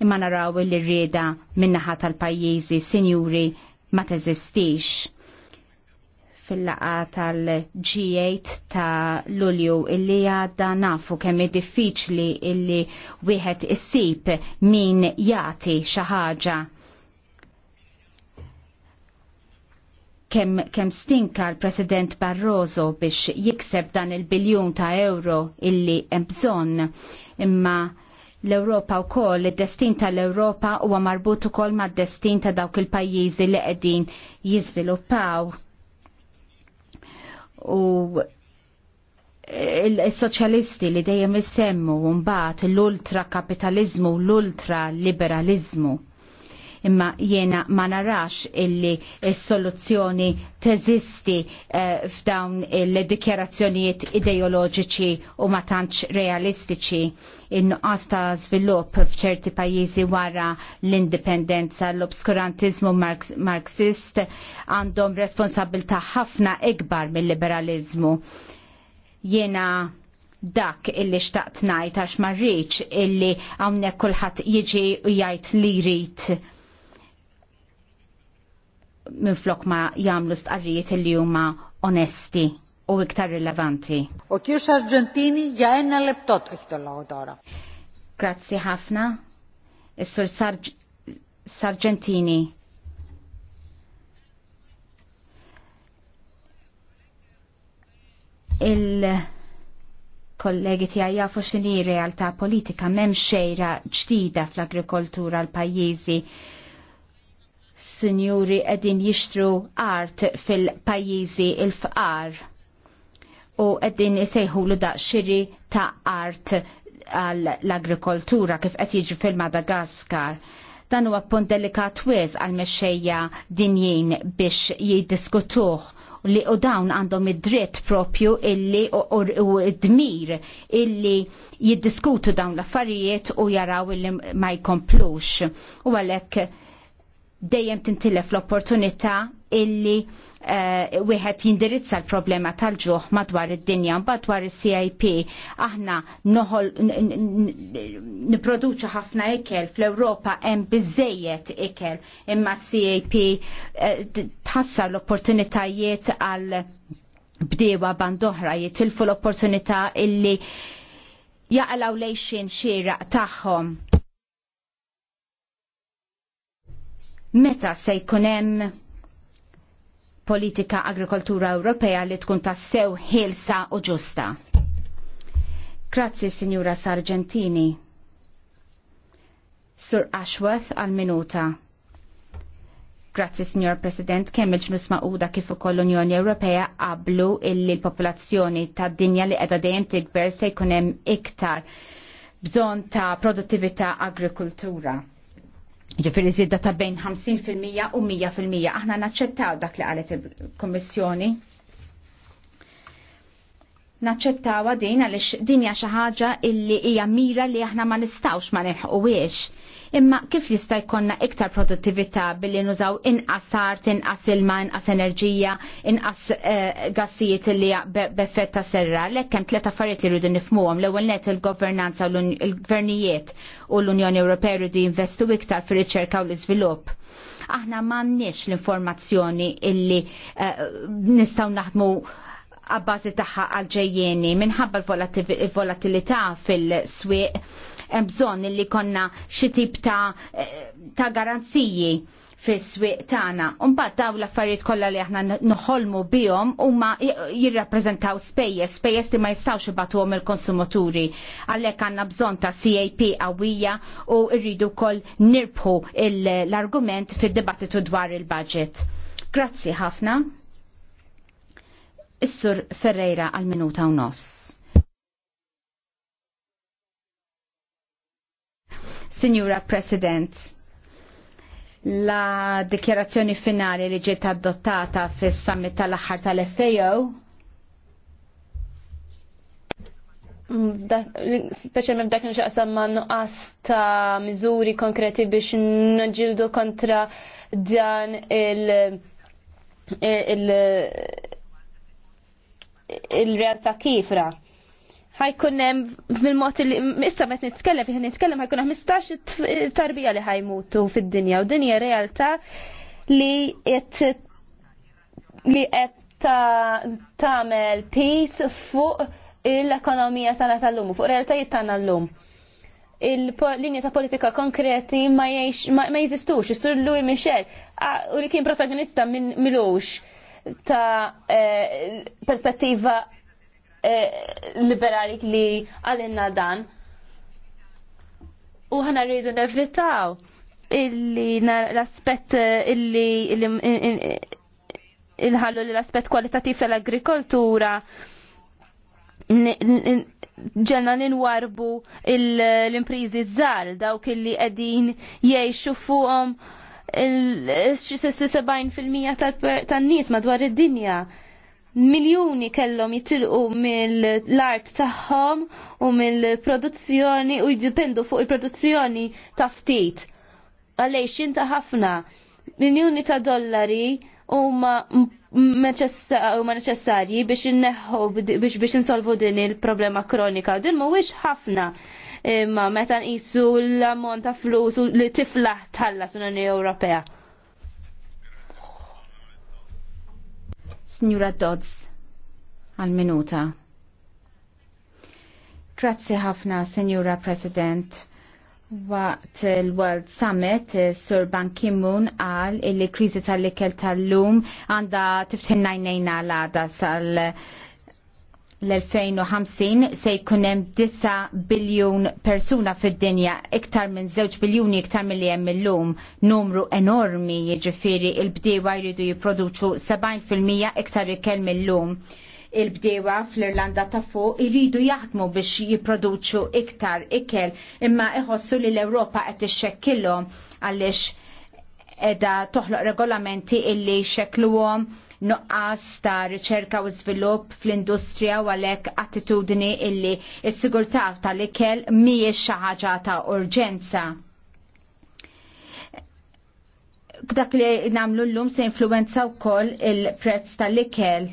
Imma naraw li rrieda minnaħa tal-pajjiżi sinjuri ma teżistix fil-laqa tal-G8 ta' Lulju illi għadda nafu kemm diffiċli illi wieħed issib min jati xi ħaġa kem, stinka l-President Barroso biex jikseb dan il-biljun ta' euro illi hemm bżonn imma l-Europa u koll, il-destin tal-Europa huwa marbut ukoll ma' destin ta' dawk il-pajjiżi li qegħdin jiżviluppaw. U il-soċjalisti li dejjem issemmu mbagħad l-ultra kapitalizmu u l-ultra liberalizmu. Imma jiena ma narax illi s-soluzzjoni teżisti eh, f'dawn il-dikjarazzjonijiet ideoloġiċi u ma tantx realistiċi in-nuqqas ta' svilupp f'ċerti pajjiżi wara l-indipendenza, l-obskurantizmu marxist għandhom responsabilta' ħafna ikbar mill-liberalizmu. Jena dak illi xtaqt ngħid għax ma rridx illi hawnhekk kulħadd jiġi u jgħid li jrid minflok ma jagħmlu stqarrijiet illi huma onesti u iktar rilevanti. U kju e Sargentini ja lebtot iħtolla u dora. Grazzi ħafna. Is-sur Sargentini. Il-kollegi tiegħi jafu x'inhi realtà politika m'hemm xejra ġdida fl-agrikoltura l-pajjiżi. Sinjuri qegħdin jixtru art fil-pajjiżi il-fqar u għeddin jisejħu l xiri ta' art għall-agrikoltura kif qed jiġi fil-Madagaskar. Dan huwa punt delikat wiz għal-mexxejja dinjin biex jiddiskutuh li u dawn għandhom id-dritt propju illi u id-dmir illi jiddiskutu dawn l-affarijiet u jaraw illi ma jkomplux. U għalek dejjem tintilef l-opportunità illi Eh, wieħed jindirizza l-problema tal-ġuħ madwar id-dinja mbagħad dwar is-CIP aħna noħol niproduċu ħafna ikel fl-Ewropa hemm biżejjed ikel imma CIP eh, tħassar l-opportunitajiet għal bdewa bandoħra jitilfu l-opportunità illi jaqalaw lejxin xieraq tagħhom meta se jkun hemm politika agrikoltura Ewropea li tkun tassew ħilsa u ġusta. Grazzi, Signora Sargentini. Sur Ashworth għal-minuta. Grazzi, Signor President, kemm il-ġnus maquda kif ukoll l-Unjoni Ewropea qablu illi l-popolazzjoni tad-dinja li qiegħda dejjem tikber se jkun hemm iktar bżonn ta' produttività agrikultura ġifiri zidda ta' bejn 50% u 100%. Aħna naċċettaw dak li għalet il-Kommissjoni. Naċċettaw din għalix din hija xi ħaġa illi hija mira li aħna ma nistgħux ma nilħquwiex. Imma kif jista' jkollna iktar produttività billi nużaw inqas art, inqas ilma, inqas enerġija, inqas eh, gassijiet li b'effett ta' serra. għalhekk hemm tliet affarijiet li rridu nifmuhom l-ewwel net il-governanza u l-gvernijiet u l-Unjoni Ewropea rridu jinvestu iktar fir-riċerka u l-iżvilupp aħna m'għandniex l-informazzjoni illi eh, nistgħu naħdmu għabbażi taħħa ġejjieni minħabba l-volatilità fil-swieq hemm bżonn li konna xi tip ta', ta garanziji fis-swieq tagħna. mbagħad dawn l-affarijiet kollha li aħna noħolmu bihom huma jirrappreżentaw spejjeż, spejjeż li ma jistgħux ibatuhom il-konsumaturi. Għalhekk għandna bżonn ta' CAP qawwija u rridu wkoll nirbħu l-argument fid-dibattitu dwar il-budget. Grazzi ħafna. Is-Sur Ferreira għal minuta u nofs. Signora President, la dikjarazzjoni finali li ġiet adottata fis summit tal-aħħar tal-FAO mm,
speċjalment dak nixaqsam ma' nuqqas ta' miżuri konkreti biex nġildu kontra dan il- il- il-realtà kifra ħajkun hemm mill-mod li issa meta nitkellem fih nitkellem ħajkun hemm 15 tarbija li ħajmutu fid-dinja u dinja realtà li qed li qed tagħmel peace fuq l-ekonomija tagħna tal-lum, fuq realtajiet tagħna llum. Il-linja ta' politika konkreti ma jeżistux, jistur Lui Michel, u li kien protagonista minn Milux ta' eh, perspettiva Eh, liberali li għalinna dan. U ħana rridu nevitaw illi l-aspet eh, illi il-ħallu l-aspet kwalitativ tal-agrikoltura ġenna ninwarbu l-imprizi zzar dawk illi għedin jiexu fuqom il-76% tal-nis madwar id-dinja miljoni kellhom jitilqu mill-art tagħhom u mill-produzzjoni u jdipendu fuq il-produzzjoni ta' ftit. Għalhejx inta ħafna miljoni ta' dollari huma neċessarji biex inneħħu biex biex insolvu din il-problema kronika. Din mhuwiex ħafna imma meta nqisu l-ammont ta' flus u li tiflaħ tħallas l-Unjoni Ewropea.
Signora Dodds, għal-minuta. Grazie ħafna, Signora President. Waqt il-World Summit, Sir Ban Ki-moon għal il-krizi tal-ikel tal-lum għanda tiftin najnejna l-għada sal- l-2050 se jkunem 9 biljun persuna fid-dinja iktar minn 2 biljuni iktar mill hemm illum numru enormi jiġifieri il-bdewa jridu jipproduċu 70% iktar ikel mill-lum. Il-bdewa fl-Irlanda ta' fuq iridu jaħdmu biex jipproduċu iktar ikel imma iħossu li l-Ewropa qed ixxekkilhom għaliex edha toħloq regolamenti illi xekluhom nuqqas ta' riċerka u żvilupp fl-industrija u għalhekk attitudni illi s-sigurtà tal-ikel mhijiex xi ħaġa ta' urġenza dak li namlu l-lum se influenza u koll il-prezz tal-ikel.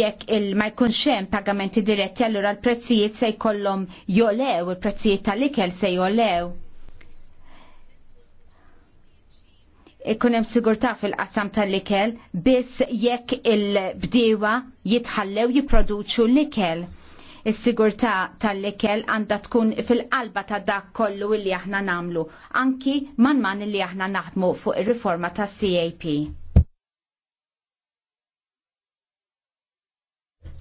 Jekk il-ma jkunx hemm pagamenti diretti, allura l-prezzijiet se jkollhom jolew, il-prezzijiet tal-ikel se jolew. ikun hemm sigurtà fil-qasam tal-ikel biss jekk il-bdiewa jitħallew jipproduċu l-ikel. Is-sigurtà tal-ikel għandha tkun fil-qalba ta' dak kollu li aħna nagħmlu, anki man man li aħna naħdmu fuq ir-riforma tas-CAP.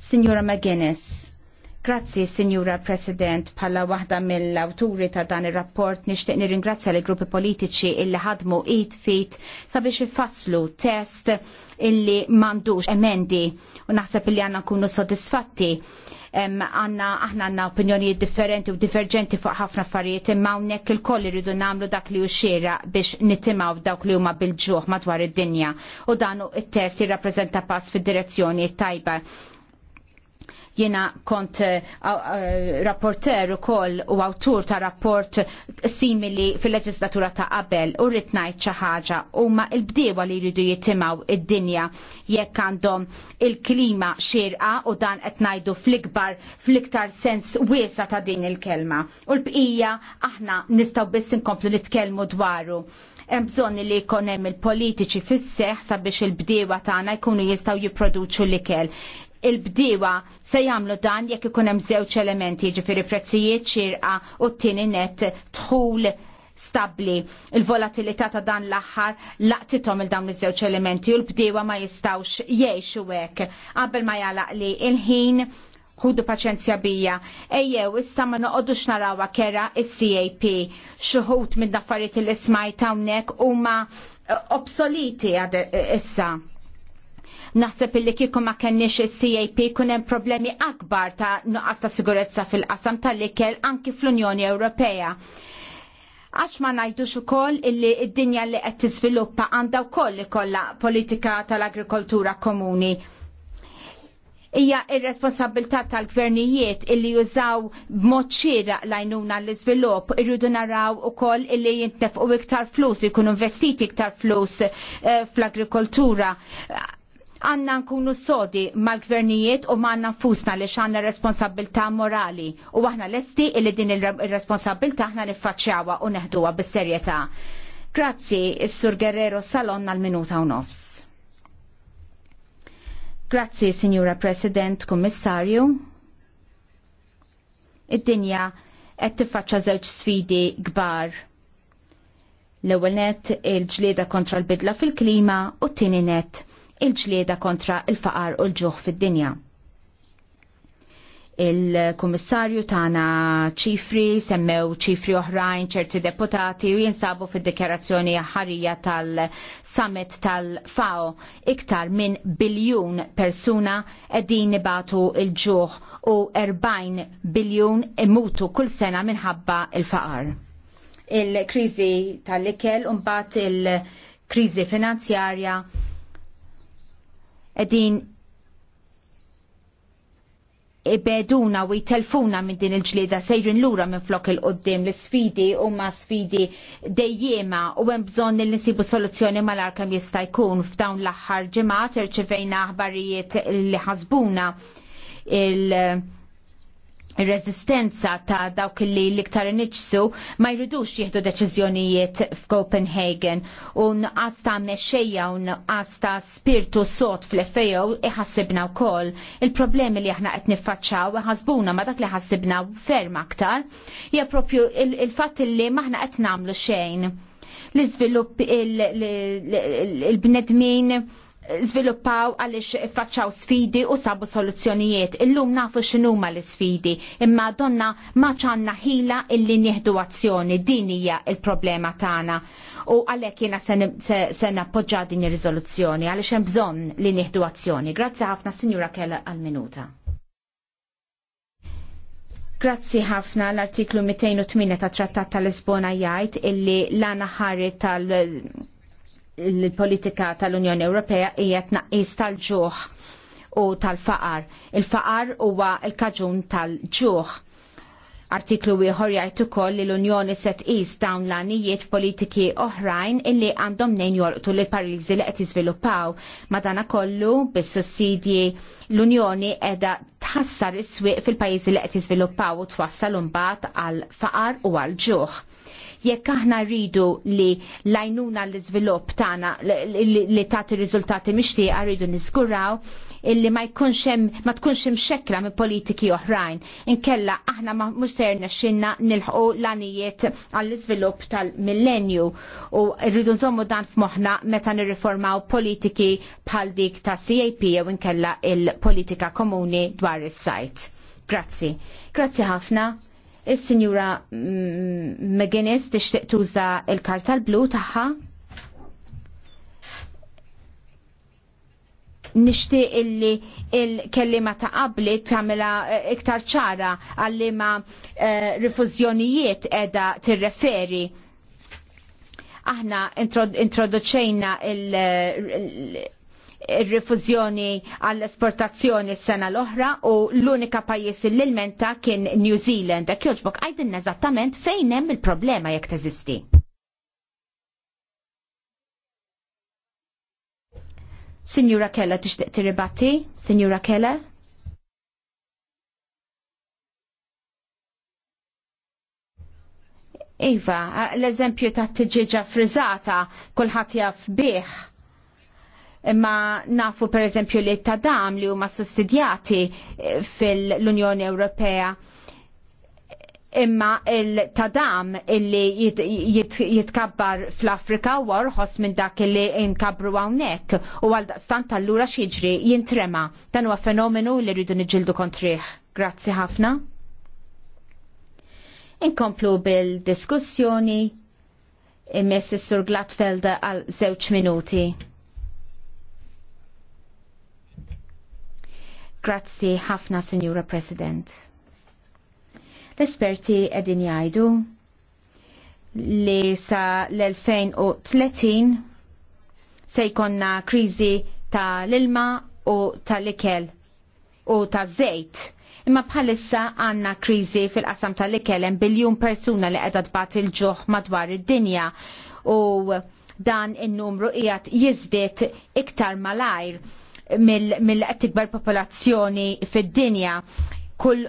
Signora McGuinness. Grazzi, Signora President, pala waħda mill-awturi ta' dan ir-rapport nixtieq nirringrazzja li gruppi politiċi illi ħadmu id fit sabiex ifasslu test illi m'għandux emendi u naħseb illi għandna nkunu sodisfatti għanna aħna għanna opinjonijiet differenti u divergenti fuq ħafna affarijiet imma hawnhekk il-koll nagħmlu dak li xiera biex nittimgħu dawk li huma bil-ġuħ madwar id-dinja u dan it-test jirrappreżenta pass fid-direzzjoni tajba Jena kont eh, rapporter u koll u autur ta' rapport simili fil-leġislatura ta' qabel u ritnajt ċaħġa u ma' il-bdewa li jridu jittimaw id-dinja jekk għandhom il-klima xirqa u dan etnajdu fl-ikbar fl-iktar sens wiesa ta' din il-kelma. U l-bqija aħna nistaw biss nkomplu nitkelmu dwaru hemm bżonn li jkun hemm il-politiċi fis-seħħ sabiex il-bdiewa tagħna jkunu jistgħu jipproduċu l-ikel il-bdiewa se jagħmlu dan jekk ikun hemm żewġ elementi, jiġifieri prezzijiet xirqa u t-tieni net dħul stabbli. Il-volatilità ta' dan l-aħħar laqtithom il dawn iż-żewġ elementi u l-bdiewa ma jistgħux jgħixu hekk. Qabel ma jalaq li il-ħin ħudu paċenzja bija. Ejjew, issa ma noqodux narawa kera il-CAP. Xuħut minn daffariet il-ismaj tawnek u ma obsoliti għad issa. Naħseb illi kikum ma kenniex il-CAP kun hemm problemi akbar ta' nuqqas ta' sigurezza fil-qasam tal-ikel anki fl-Unjoni Ewropea. Għax ma najdux ukoll illi id-dinja li qed tiżviluppa għandha wkoll ikollha politika tal-agrikoltura komuni hija ir-responsabilità tal-gvernijiet illi jużaw b'mod xieraq lajnuna l-iżvilupp irridu naraw ukoll illi jintnefqu iktar flus li jkunu investiti iktar flus uh, fl-agrikoltura għanna nkunu sodi mal-gvernijiet u manna nfusna li xanna responsabilta morali u għahna l-esti illi din il-responsabilta ħna nifacċawa u neħduwa bis-serjetà. Grazzi, Sur Guerrero Salon għal-minuta u nofs. Grazzi, Signora President, Kommissarju. Id-dinja qed tiffaċċa żewġ sfidi kbar. L-ewwel net il-ġlieda kontra l-bidla fil-klima u t-tieni net il-ġlieda kontra il-faqar u l-ġuħ fid-dinja il kummissarju tana ċifri, semmew ċifri oħrajn ċerti deputati u jinsabu fid dikjarazzjoni ħarija tal-summit tal-FAO iktar minn biljun persuna edin nibatu il-ġuħ u 40 biljun imutu kull sena minħabba il-faqar. Il-krizi tal-ikel un bat il-krizi finanzjarja edin ibeduna u jitelfuna minn din il-ġlieda sejrin lura minn flok il-qoddim l sfidi u ma sfidi dejjema u hemm bżonn li nsibu soluzzjoni mal-ar jista' jkun f'dawn l-aħħar ġimgħat irċevejna aħbarijiet li ħasbuna il- resistenza ta' dawk li l-iktar niċsu ma jridux jieħdu deċiżjonijiet f'Copenhagen u nqas ta' mexxejja u nqas ta' spirtu sot fl-FAO iħassibna wkoll. Il-problemi li aħna qed niffaċċaw iħasbuna ma dak li ħassibna ferm aktar hija propju il-fatt li maħna qed nagħmlu xejn. L-iżvilupp il-bnedmin il, il, il, il bnedmin żviluppaw għaliex faċċaw sfidi u sabu soluzzjonijiet. Illum nafu x'inhuma l-isfidi, imma donna ma ċanna ħila illi nieħdu azzjoni, din hija il-problema tagħna. U għalhekk jiena se appoġġa din ir-riżoluzzjoni għaliex hemm bżonn li nieħdu azzjoni. Grazzi ħafna Sinjura Kella għal-minuta. Grazzi ħafna l-artiklu 208 ta' Trattat tal-Lisbona jgħid illi l għana ħari tal- l-politika tal-Unjoni Ewropea hija tnaqqis tal-ġuħ u tal-faqar. Il-faqar huwa l-kaġun tal-ġuħ. Artiklu wieħor jgħid ukoll li l-Unjoni se tqis dawn l-għanijiet politiki oħrajn illi għandhom nejn jorqtu lil pariżi li qed jiżviluppaw. Madanakollu bis-sussidji l-Unjoni qiegħda tħassar is-swieq fil-pajjiżi li qed jiżviluppaw u twassal imbagħad għal faqar u għal ġuħ Jekk aħna rridu li lajnuna l-iżvilupp tagħna li tagħti riżultati mixtieqa rridu niżguraw illi ma jkunx hemm ma tkunx hemm xekkla minn politiki oħrajn. Inkella aħna ma mhux ser nexxinna nilħqu l-għanijiet għall-iżvilupp tal-millenju u rridu nżommu dan f'moħħna meta nirriformaw politiki bħal dik ta' CAP jew inkella il-politika komuni dwar is-sajt. Grazzi. Grazzi ħafna. Is-Sinjura McGuinness tixtieq tuża il-karta l-blu tagħha. nishtiq illi il-kellima ta' qabli tamela eh, iktar ċara għalli ma' eh, rifużjonijiet edha tirreferi. Aħna introduċejna il- rifużjoni għall-esportazzjoni s-sena l-oħra u l-unika pajjiż li l-menta kien New Zealand. Ek joġbok għajdin eżattament fejn hemm il-problema jekk teżisti. Signora Kella, tixtieq tirribatti? Signora Kella? Iva, l-eżempju ta' t ġiġa frizzata, kullħat jaf biħ imma nafu per eżempju li ta' dam li huma sussidjati eh, fil-Unjoni Ewropea imma il-tadam illi jitkabbar fl-Afrika u orħos minn dak illi jinkabru għawnek u għal daqstan tal-lura xieġri jintrema dan huwa fenomenu li rridu nġildu kontriħ. Grazzi ħafna. Inkomplu bil-diskussjoni imess is-sur Glatfeld għal żewġ minuti. Grazzi ħafna, Signora President. L-esperti edin jajdu li sa l-2030 se jkonna krizi ta' l-ilma u tal-ikel u ta' zejt. Imma bħalissa għanna krizi fil-qasam tal-ikel hemm biljun persuna li qiegħda tbagħt il-ġuħ madwar id-dinja u dan in-numru qiegħed jiżdied iktar malajr mill tikbar popolazzjoni fid-dinja kull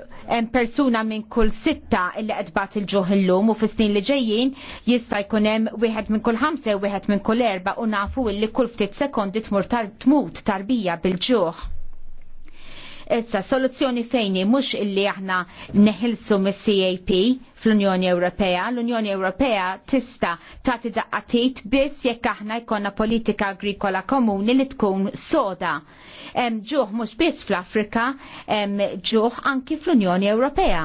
persuna minn kull sitta illi qedbat il-ġuħ illum u fis-snin li ġejjin jista' jkun hemm wieħed minn kull ħamsa u wieħed minn kull erba' u nafu illi kull ftit sekondi tmur tmut tarbija bil-ġuħ. Issa soluzzjoni fejni mhux illi aħna neħilsu mis-CAP fl-Unjoni Ewropea. L-Unjoni Ewropea tista' tagħti daqqatit biss jekk aħna jkollna politika agrikola komuni li tkun soda. Hemm ġuħ mhux biss fl-Afrika, hemm ġuħ anki fl-Unjoni Ewropea.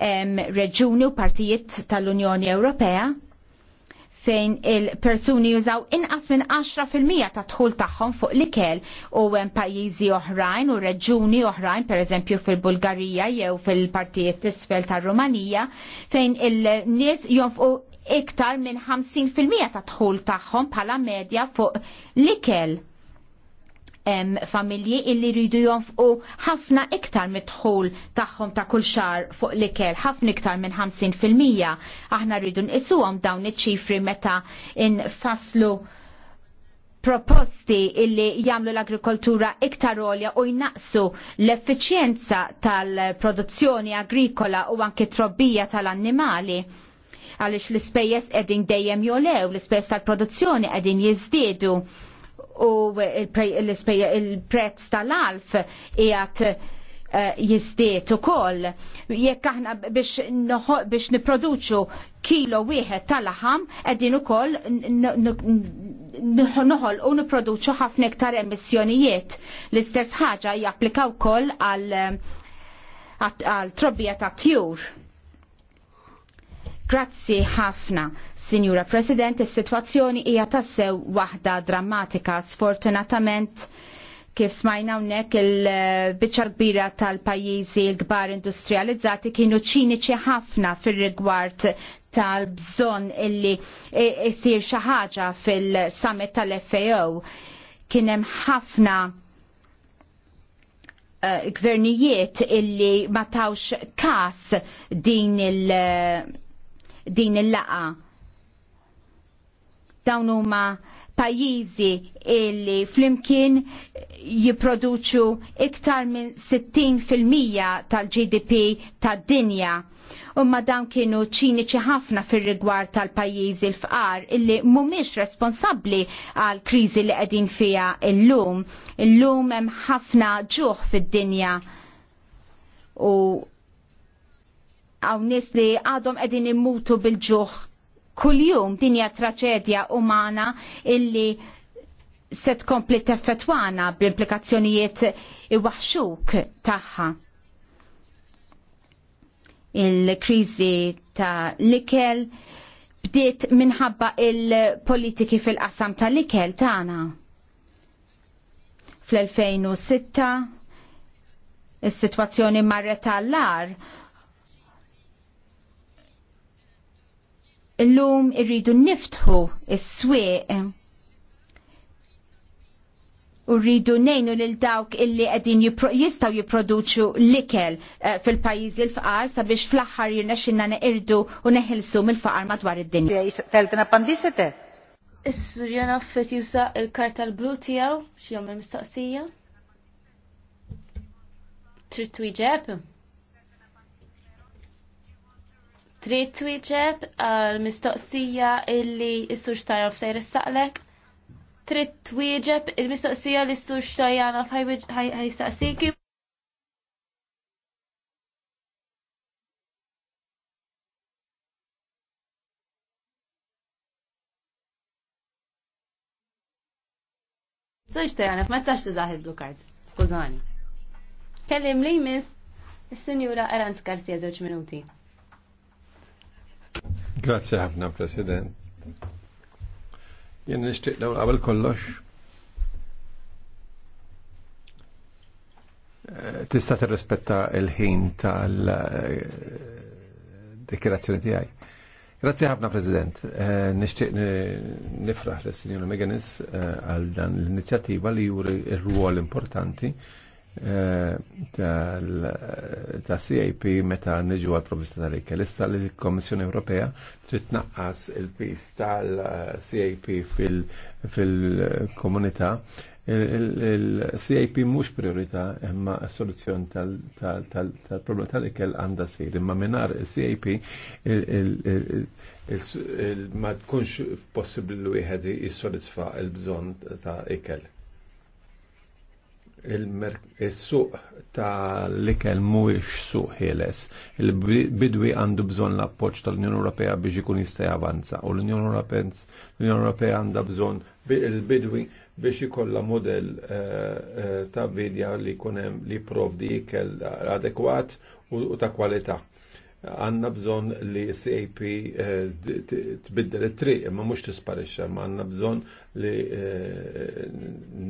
reġuni u partijiet tal-Unjoni Ewropea fejn il-persuni jużaw inqas minn 10% ta' tħul tagħhom fuq l-ikel u hemm pajjiżi oħrajn u reġuni oħrajn, pereżempju fil-Bulgarija jew fil-partijiet isfel tar rumanija fejn il-nies jonfqu iktar minn 50% ta' tħul tagħhom bħala medja fuq l-ikel familji illi rridu jonfqu ħafna iktar mit-dħul tagħhom ta' kull xar fuq l-ikel, ħafna iktar minn 50%. Aħna rridu nqisuhom dawn iċ-ċifri meta infaslu proposti illi jagħmlu l-agrikoltura iktar olja u jnaqsu l-effiċjenza tal-produzzjoni agrikola u anke trobbija tal-annimali għalix l-ispejjeż qegħdin dejjem jolew, l-ispejjeż tal-produzzjoni qegħdin jiżdiedu u il-prezz tal-alf jgħat eh, jizdiet u koll. Jekk aħna biex niproduċu kilo wieħed tal-ħam qegħdin ukoll noħol u niproduċu ħafna iktar emissjonijiet. L-istess ħaġa japplika wkoll għal trobbija ta' tjur Grazzi ħafna, Signora President, is-sitwazzjoni hija tassew waħda drammatika. Sfortunatament, kif smajna unnek il-bicċa kbira tal-pajjiżi l-kbar industrializzati kienu ċiniċi ħafna fil-rigward tal-bżon illi jisir xi ħaġa fil-summit tal-FAO. Kienem ħafna eh, gvernijiet illi ma tawx kas din il- din il-laqa. Dawn huma pajjiżi li flimkien jipproduċu iktar minn 60% tal-GDP tad-dinja. Umma dawn kienu ċiniċi ħafna fir rigward tal-pajjiżi l-fqar illi mhumiex responsabbli għal kriżi li qegħdin fiha illum. Illum hemm ħafna ġuħ fid-dinja u għaw nis li għadhom edin immutu bil-ġuħ. Kuljum dinja traċedja umana illi se tkompli teffetwana bl-implikazzjonijiet iwaxxuk tagħha. Il-kriżi ta' l-ikel bdiet minħabba il-politiki fil-qasam ta' Likel ikel tagħna. Fl-2006 is-sitwazzjoni marret tal-lar Illum irridu niftħu is-swieq u rridu nejnu lil dawk illi qegħdin jistgħu jipproduċu l-ikel eh, fil-pajjiżi l-fqar sabiex fl-aħħar jirnexxinna neqirdu u neħilsu mill-faqar madwar id-dinja. Teltna pandisete?
Issu jena fit jusa il-karta l-blu tiegħu xi jagħmel mistaqsija. Trid twieġeb? Trid twieġeb għal mistoqsija illi s-sur xtajaf sejr issaqlek? Trid twieġeb il-mistoqsija li s-sur xtajana ħajstaqsiki? Sur xtajana, ma t-sax t-zaħi blu Skużani. Kellim li mis, il-senjura Eran Skarsija zewċ minuti.
Grazie ħafna, President. Jien nishtiq l qabel kollox. Eh, tista' tirrispetta l-ħin tal-dikirazzjoni tiegħi. Grazie ħafna President. Eh, nishtiq nifraħ l sinjonu Meganis eh, għal dan l-inizjattiva li juri r-ruol importanti Eh, ta' CIP meta nġu għal provvista tal-ikke. Lista li l-Kommissjoni Ewropea trid tnaqqas il-pis tal-CIP fil-komunità. Il-CIP mux priorita imma soluzjon tal problem tal-ikel għanda sir. Imma minar il-CIP ma tkunx possibli possibbli wieħed jissolizfa il bżon ta' ikel il-suq ta' ikel mhuwiex suq ħeles. Il-bidwi għandu bżonn l-appoġġ tal unjon Ewropea biex ikun jista' javanza u l unjon Ewropea għandha bżonn il-bidwi biex ikollha model eh, eh, ta' vidja li jkun hemm li provdi ikel adekwat u ta' kwalità għanna bżon li CAP eh, tbiddel it-triq, ma mux tisparixxa, ma għanna bżon li eh,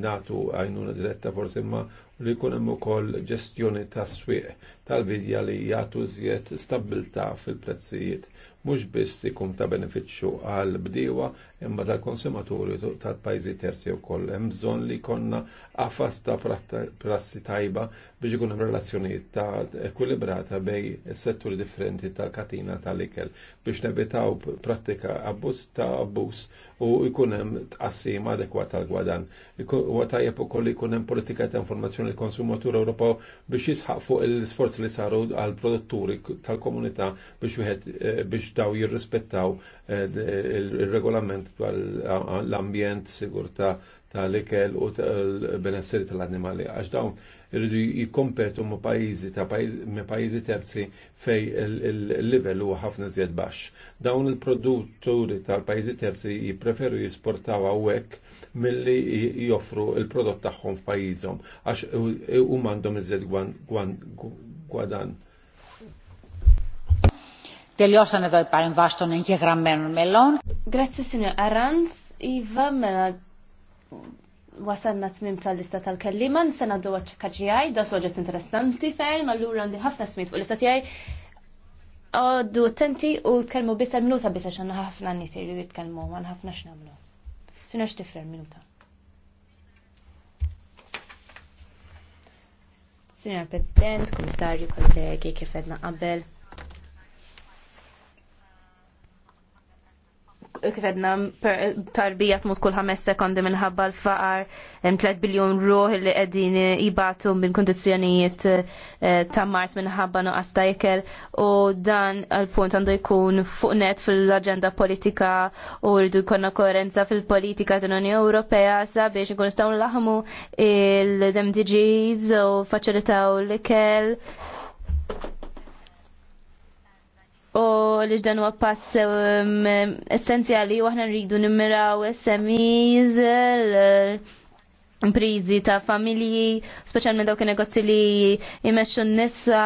natu għajnuna diretta forse ma li kunem hemm ukoll ġestjoni ta' swieq tal-bidja li jagħtu żjed stabilta fil-prezzijiet mhux biss ikun ta' benefiċċju għal bdiwa imma tal-konsumaturi tal-pajzi terzi wkoll. Hemm bżonn li konna afas ta' prassi tajba biex ikun hemm relazzjonijiet ta' ekwilibrata bej setturi differenti tal-katina tal-ikel biex nebitaw prattika abbuż ta' abbuż u jkun hemm tqassim adekwat tal-gwadan. Huwa tajjeb ukoll li jkun hemm politika ta' informazzjoni l-konsumatur Ewropew biex jisħaq fuq l-isforz li saru għal produtturi tal-komunità biex wieħed eh, biex daw jirrispettaw eh, eh, il-regolament l-ambjent, sigurta tal-ikel u l-benesseri tal-animali. Għax dawn irridu jikompetu ma' pajizi ta' pajizi terzi fej il-level huwa ħafna zjed baxx. Dawn il-produtturi tal-pajizi terzi jipreferu jisportaw għawek milli joffru il-prodott tagħhom f'pajjiżhom għax u mandom iżjed gwadan.
Τελειώσαν εδώ οι παρεμβάσει των εγγεγραμμένων μελών. Grazie,
signor Arans. Iva, mela wasanna tmim tal-lista tal-kellima, sena d ċekkaġijaj, da soġet interessanti fejn, għallura għandi ħafna smit fuq lista tijaj. Għoddu attenti u kelmu bisa minuta bisa xanna ħafna nisir li jitkellmu, ma' ħafna xnamlu. Sina xtifrer minuta. Signor President, Komissarju, kollegi, kif edna qabel. kifedna tarbija tmut kull ħames sekondi minħabba l-faqar, 3 biljon ruħ li qegħdin jibatu minn kundizzjonijiet eh, ta' mart minħabba nuqqas ta' ikel u dan għal-punt għandu jkun fuq net fil-aġenda politika u rridu jkollna koerenza fil-politika tal-Unjoni Ewropea sabiex nkun nistgħu nlaħmu il-MDGs u faċilitaw l-ikel u li ġdan huwa pass um, essenzjali u aħna rridu nimmiraw SMEs imprizi ta' familji, speċjalment dawk il-negozji li jmexxu n-nisa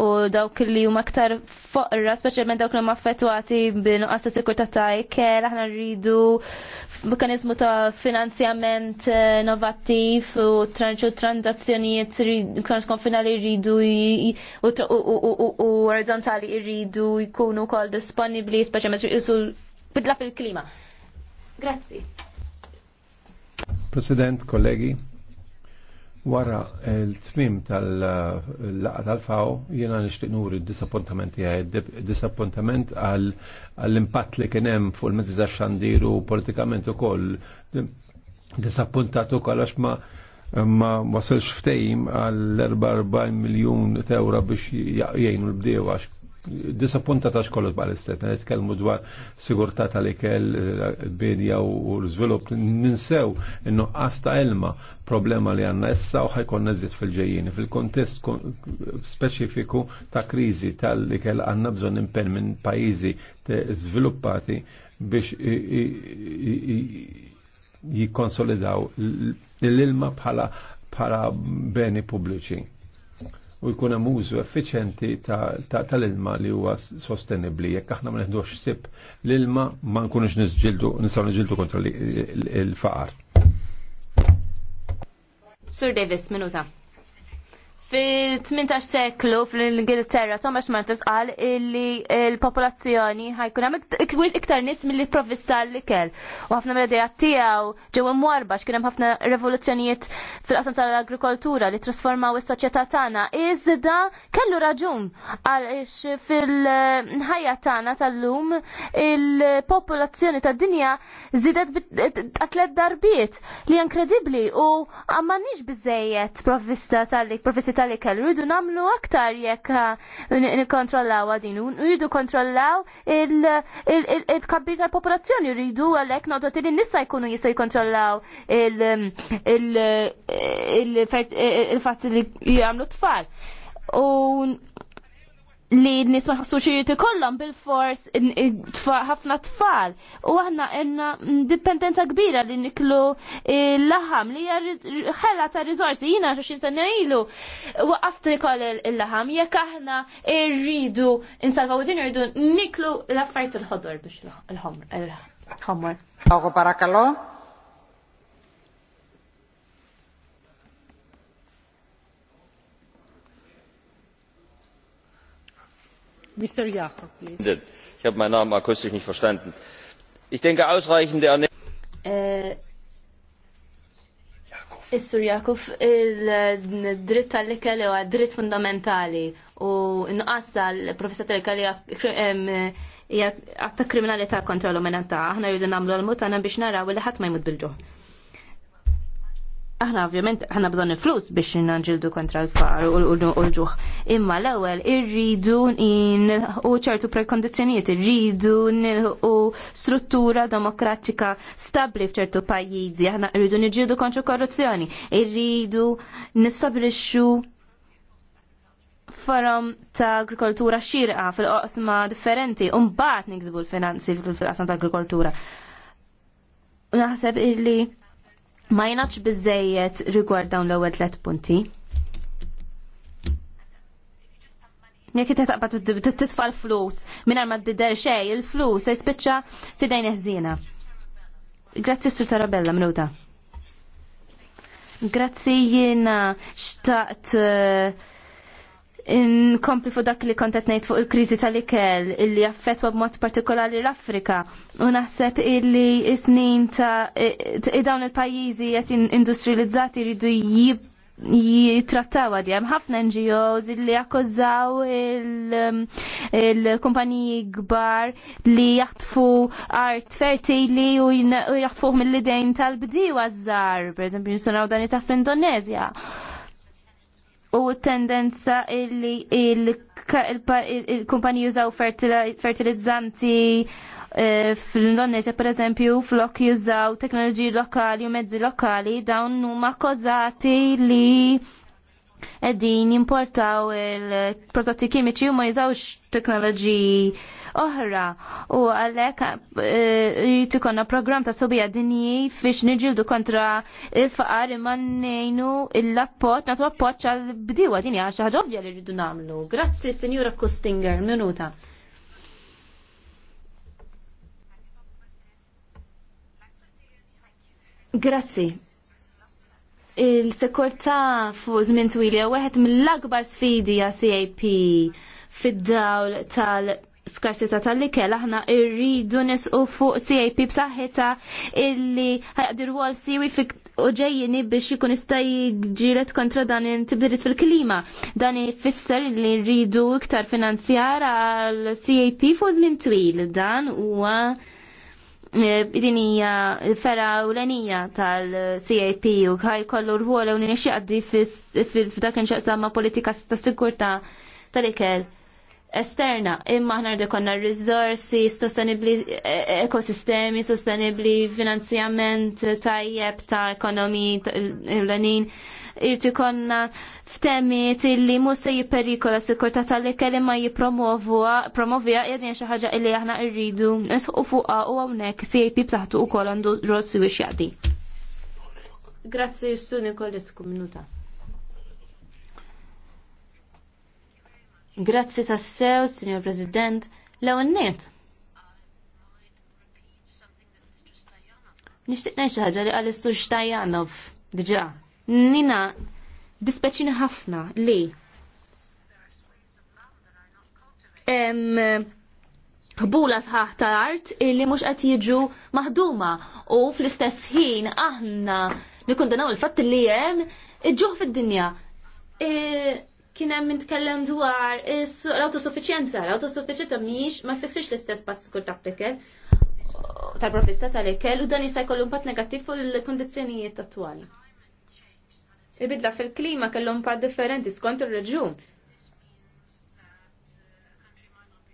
u dawk li huma aktar foqra, specialment dawk li huma affettwati b'nuqqas ta' sikurtà ta' aħna rridu mekanizmu ta' finanzjament eh, innovativ u tranċu transazzjonijiet transkonfinali rridu u orizzontali rridu jkunu kol disponibli speċjalment jisu bidla fil-klima. Grazzi.
President, kollegi. Wara l-tmim tal-laqa tal-faw, jena nishtiq nuri d-disappuntament tiegħi. disappuntament għall-impatt li kienem fuq il-mezzi xandiru politikament u koll, disappuntat u koll għax ma ma wasilx ftejim għall-44 miljon ta' euro biex jgħinu l-bdew għax disappunta ta' xkollu bħal-istet, nitkellmu dwar sigurtà tal-ikel, bidja u l-żvilupp, ninsew innu għasta ta' ilma problema li għanna issa u ħajkon nezzit fil-ġejjien. Fil-kontest speċifiku ta' kriżi tal-ikel għanna bżonn impenn minn pajjiżi żviluppati biex jikkonsolidaw l-ilma bħala beni pubbliċi u jkun hemm użu effiċenti tal-ilma li huwa sostenibbli. Jekk aħna ma neħdux sib l-ilma ma nkunux nisġildu nistgħu niġġildu kontra l-faqar. Sur
Davis, minuta. Fil-18 seklu fl-Ingilterra Thomas Mantus qal illi l-popolazzjoni ħajkun hemm iktar nies milli provvista l-ikel. U ħafna mill-idea tiegħu ġew imwarba x'kien hemm ħafna revoluzzjonijiet fil-qasam tal-agrikoltura li trasformaw is-soċjetà tagħna. Iżda kellu raġun għaliex fil-ħajja tagħna tal-lum il-popolazzjoni tad-dinja żidet għatlet darbiet li inkredibbli u nix biżejjed provvista tal-provvista tal-ikel. Rridu namlu aktar jekk nikontrollaw għadin. Rridu kontrollaw il kabir tal-popolazzjoni. Rridu għalek notot li nissa jkunu jisaj kontrollaw il-fat li jgħamlu tfal. U li n-nis ma jħossu xirrit kollom bil-fors ħafna tfal. U għanna għanna dipendenza kbira li niklu e, l-laħam li ħella ta' rizorsi jina xaxin sanna ilu. għafti koll l-laħam jek aħna irridu u din irridu niklu l-affarijiet l-ħodor biex l-ħomor.
Għu barakallu. Mr. Jakob, please. Ich habe meinen Namen akustisch nicht verstanden. Ich denke,
ausreichende Ernährung.
Is-Sur Jakub, il-dritt äh, tal-ikel huwa dritt fundamentali u inqas tal-professa tal-ikel hija kriminalità kontra l-umanità. Aħna rridu nagħmlu l-mut biex naraw li ħadd ma jmut bil-ġuħ aħna ovvjament aħna bżonn il-flus biex nanġildu kontra l-far u l-ġuħ. Imma l-ewwel irridu u ċertu prekondizzjonijiet, irridu u struttura demokratika stabbli f'ċertu pajjiżi, aħna rridu niġġieldu kontra korruzzjoni, irridu nistabilixxu forum ta' agrikoltura xirqa fil-qosma differenti, u mbagħad niksbu l-finanzi fil-qosma ta' agrikoltura. Naħseb illi ma jinaċ bizzejiet rigward dawn l-ewwel tliet punti. Jekk qed tfa l flus mingħajr ma t-bidder xej, il-flus se jispiċċa f'idejn ħżiena. Grazzi Sur Tarabella minuta. Grazzi jiena xtaqt uh, Nkompli fuq dak li kontet ngħid fuq il-kriżi tal-ikel illi affettwa b'mod partikolari l-Afrika u naħseb illi is-snin ta' dawn il-pajjiżi qed industrializzati jridu jitrattaw għadjem ħafna NGOs li jakkużaw il-kumpaniji gbar li jaħtfu art fertili u jaħtfuh mill-idejn tal bdiwa żgħar, per esempio, jistunaw dan jisaf fl-Indonezja u tendenza illi il-kumpanji jużaw fertilizzanti eh, fil-Indonesia per eżempju flok jużaw teknologi lokali u mezzi lokali dawn huma kozati li Eddin jimportaw il-prodotti kimiċi u ma jizawx teknoloġiji oħra u għalhekk eh, jrid ikolna programm ta' sobija dinji fiex niġildu kontra il-faqar imma nejnu l-appoġġ natu appoġġ għall bdiwa dinji hija xi ħaġa ovvja li rridu nagħmlu. Grazzi, senjura Kustinger, minuta. Grazzi il-sekurtà fuq żmien twili u waħed mill-akbar sfidi għas CAP fid-dawl tal skarsita tal likel aħna irridu nisqu fuq CAP b'saħħitha illi ħajqdir wall siwi u ġejjini biex jikun jista' jiġilet kontra dan tibdilit fil-klima. Dan ifisser li rridu iktar finanzjar għal CAP fuq żmien twil dan huwa din hija fera ewlenija tal-CAP u ħaj kollu rwol u nixi għaddi f'dak inxaqsam ma' politika ta' sigurta tal-ikel esterna imma ħna rde konna rizorsi sostenibli e, e, ekosistemi sostenibli finanzjament tajjeb ta' ekonomi l-lenin irti konna ftemiet illi musa jiperikola sikurta tal-ikel ma jipromovija jedin xaħġa illi aħna irridu nisħu fuqa u għawnek jipi b'saħtu u kol għandu rossi u xjadi. Grazzi jistu Nikolesku minuta. Grazzi tassew, Signor President, l-għonnet. Nishtiq xi ħaġa li għalistu xtajanov Dġa nina dispeċini ħafna li ħbula sħaħ ta' art illi mhux qed jiġu maħduma u fl-istess ħin aħna nikundanaw il-fatt li hemm iġġuħ fid-dinja. E, kien hemm nitkellem dwar l-autosuffiċjenza, l-autosuffiċjenza mhix, ma jfissirx l-istess pass kull taptikel tal profista tal-ikel u dan jista' jkollu impatt negattiv fuq il-kondizzjonijiet attwali. Il-bidla fil-klima kellhom pa' differenti skont ir-reġjun.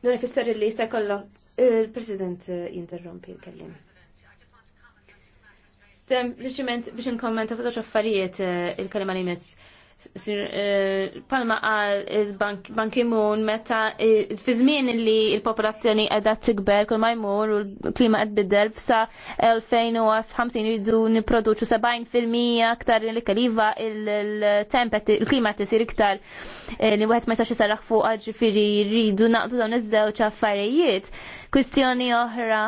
Dan ifisser li jista' jkollok il-President eh, jinterrompi l-kellim. Sempliċiment biex nkommenta fuq affarijiet eh, il-kelma li Eh, palma għal il-Banki Mun meta eh, fi żmien li il-popolazzjoni qiegħda tikber kull ma jmur u l-klima qed biddel f'sa 2050 jridu nipproduċu 70% aktar li kaliva il-temp il-klima qed isir iktar eh, li wieħed ma jistax isarraħ fuq ġifieri jridu naqdu dawn iż-żewġ affarijiet. Kwistjoni oħra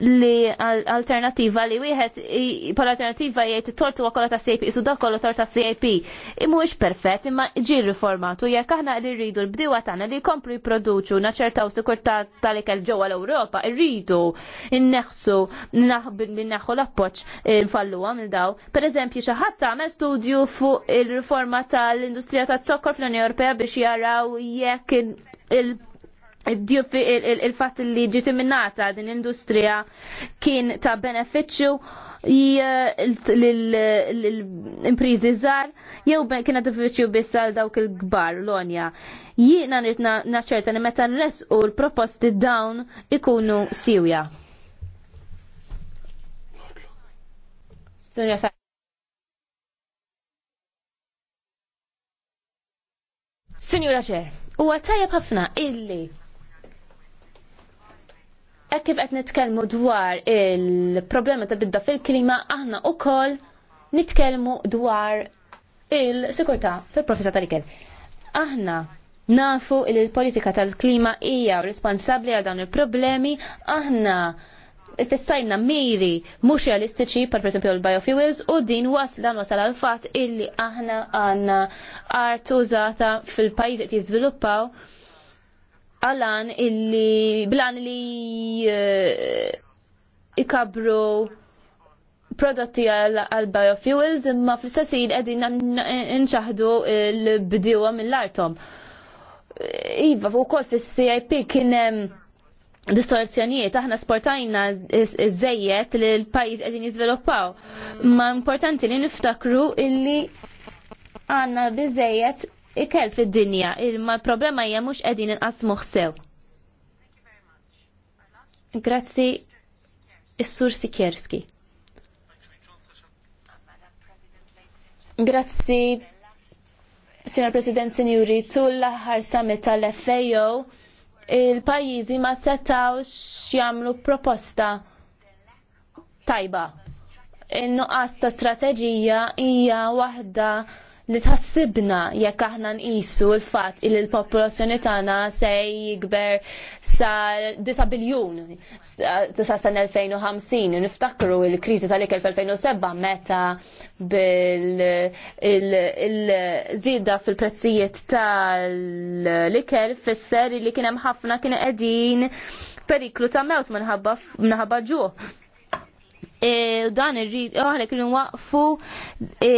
li alternativa li wieħed pal alternativa jgħid tortu huwa kollha ta' CIP isu dak kollu torta CIP. Mhuwiex perfett imma ġi riformatu jekk aħna li rridu l-bdiewa tagħna li jkomplu jipproduċu u sikurtà tal-ikel ġewwa l-Ewropa, irridu inneħsu neħħu l-appoġġ eh, nfalluha minn daw. Pereżempju xi ħadd tagħmel studju fuq il-riforma tal-industrija tat-sokkor fl-Unjoni Ewropea biex jaraw jekk il il-fat li ġiti minnata din l-industrija kien ta' beneficju eh, l-imprizi zar jew kiena diffiċju bissal dawk il-gbar l-onja. Jiena nrid naċċerta li meta nres u l-proposti dawn ikunu siwja. Signora Cher, u għattajab ħafna illi Ek kif qed nitkellmu dwar il-problema ta' bidda fil-klima, aħna wkoll nitkellmu dwar il-sikurtà fil-professa tal-ikel. Aħna nafu li l-politika tal-klima hija responsabbli għal dawn il-problemi, aħna fissajna miri mhux realistiċi par esempio l-biofuels u din was dan wasal għal fatt illi aħna għandna art użata fil-pajjiżi qed jiżviluppaw għalan illi blan li ikabru prodotti għal biofuels imma fl-istessin għedin nċaħdu l-bdiwa mill-artom. Iva, u kol fil-CIP kienem distorzjonijiet, aħna sportajna zzejiet li l-pajis għedin jizviluppaw. Ma importanti li niftakru illi għanna bizzejiet ikel fid-dinja, imma l-problema hija mhux qegħdin inqasmu sew. Grazzi is-Sur Sikierski. Grazzi Sr. President Sinjuri, tul l-aħħar summit tal-FAO il-pajjiżi ma setawx jagħmlu proposta tajba. In-nuqqas ta' strateġija hija waħda li tħassibna jekk aħna nqisu l-fatt li l-popolazzjoni tagħna se jikber sa 9 biljun sa sen 2050 niftakru l-kriżi tal-ikel 2007 meta bil-żieda fil-prezzijiet tal-ikel fisser li kien hemm ħafna kien qegħdin periklu ta' mewt minħabba ġuħ. E, dan irrid e, għalek li nwaqfu e,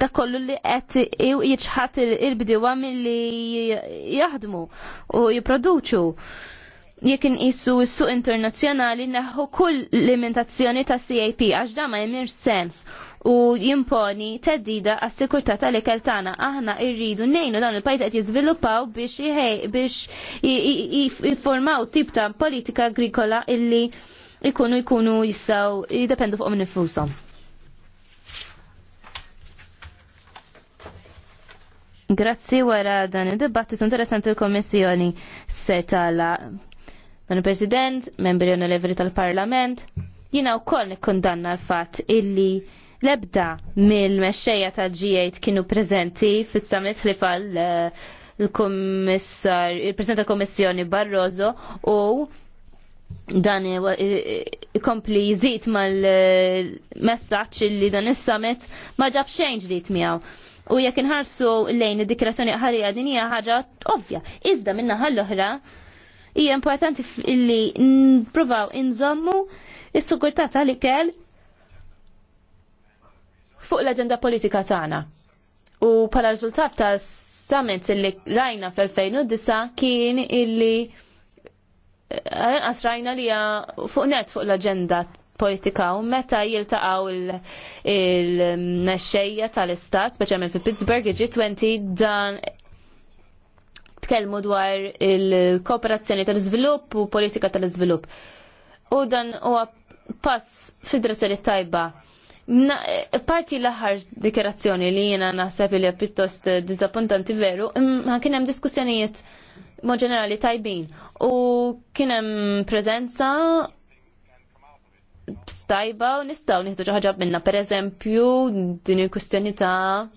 da kollu li qed jiċħat il-bdiewa milli jaħdmu u jipproduċu. Jekk inqisu s-suq internazzjonali neħu kull limitazzjoni ta' CAP għax da ma jemir sens u jimponi teddida għas sikurtà tal-ikel tagħna. Aħna rridu nejnu dan il-pajjiż qed jizviluppaw biex jiformaw tip ta' politika agrikola illi ikunu jkunu jistaw jidependu fuq minn nifusom. Grazzi wara dan id-dibattitu interessanti l komissjoni seta la dan il-President, membri l-Evri tal-Parlament, jina u koll nikkondanna l-fat illi lebda mill-mexxejja ġijajt kienu prezenti fis-summit li fal eh, l-Kommissar, il-President tal komissjoni Barroso u dan ikompli jizit mal-messaċ li dan is-summit ma ġab xejn ġdid miegħu. U jekk inħarsu lejn id-dikrazzjoni ħarija din hija ħaġa ovvja. Iżda minna ħall-oħra hija importanti li npruvaw inżommu is-sigurtà tal-ikel fuq l-aġenda politika tagħna. U pala riżultat ta' summits illi rajna fl-2009 kien illi għasrajna li fuq net fuq l-agenda politika u meta jiltaqaw il-nexxejja tal-istat, speċjalment fi Pittsburgh, il-G20 dan tkellmu dwar il-kooperazzjoni tal-iżvilupp u politika tal-iżvilupp. U dan huwa pass fid-direzzjoni tajba. Parti l-aħħar dikerazzjoni li jiena naħseb li pjuttost diżappuntanti veru, ma kien hemm diskussjonijiet mo ġenerali tajbin u kienem prezenza stajba u nistaw nieħdu ġaħġa minna. Per Pereżempju din il kustjoni ta'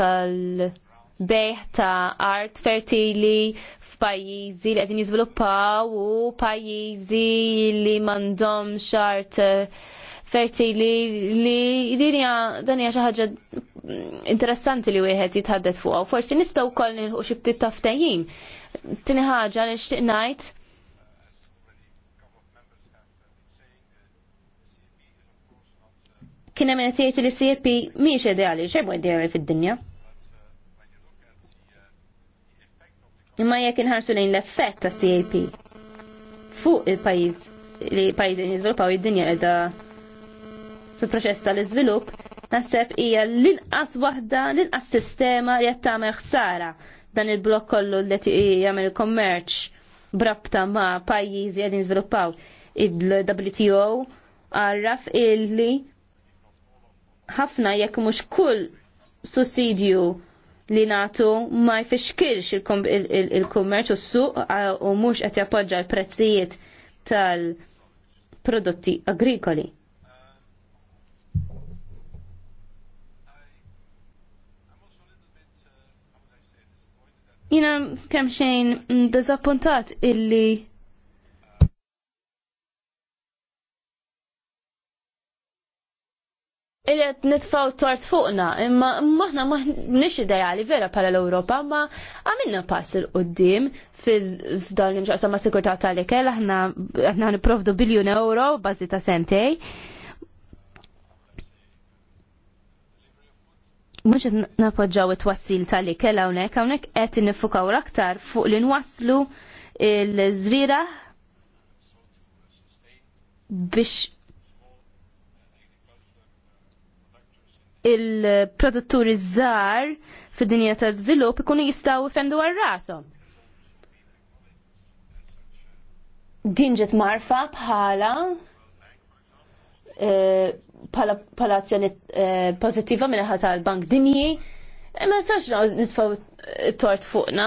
tal-bejħ ta' art fertili f'pajjiżi li qegħdin jiżviluppaw u pajjiżi li m'għandhomx art uh, ferti li li dinja dan hija xi ħaġa interessanti li wieħed jitħaddet fuqha u forsi nistgħu wkoll nilħu xi ftit taftejjin. Tieni ħaġa li xtieq ngħid kien hemm qed li CP mhijiex ideali, xejn ideali fid-dinja. Imma jekk inħarsu lejn l-effett ta' CAP fuq il-pajjiż li pajjiżi jiżviluppaw id-dinja qiegħda fil-proċess tal-iżvilupp naħseb hija l-inqas waħda, l-inqas sistema li qed tagħmel ħsara dan il-blok kollu li jagħmel il-kommerċ brabta ma' pajjiżi qegħdin jiżviluppaw il-WTO għarraf illi ħafna jekk mhux kull sussidju li natu ma jfixkirx il-kummerċ u s-suq u mhux qed jappoġġa l-prezzijiet tal-prodotti agrikoli. Jina kemm xejn dezappuntat illi Illi Illet nitfaw tort fuqna, imma maħna maħna nix ideali vera pala l-Europa, ma għamilna pass il-qoddim fil-dan l ma sigurta tal-ikel, aħna niprovdu biljun euro bazi ta' sentej. mux napoġġaw it-wassil tal-li kella unek, unek għet nifukaw aktar fuq li nwaslu il-zrira biex il-produtturi żgħar fid-dinja ta' żvilupp ikunu jistgħu ifendu għal rasom Din ġiet marfa bħala Eh, palazzjoni azzjoni eh, pozittiva minn ħata l-Bank Dinji, eh, ma nistax nitfaw tort fuqna.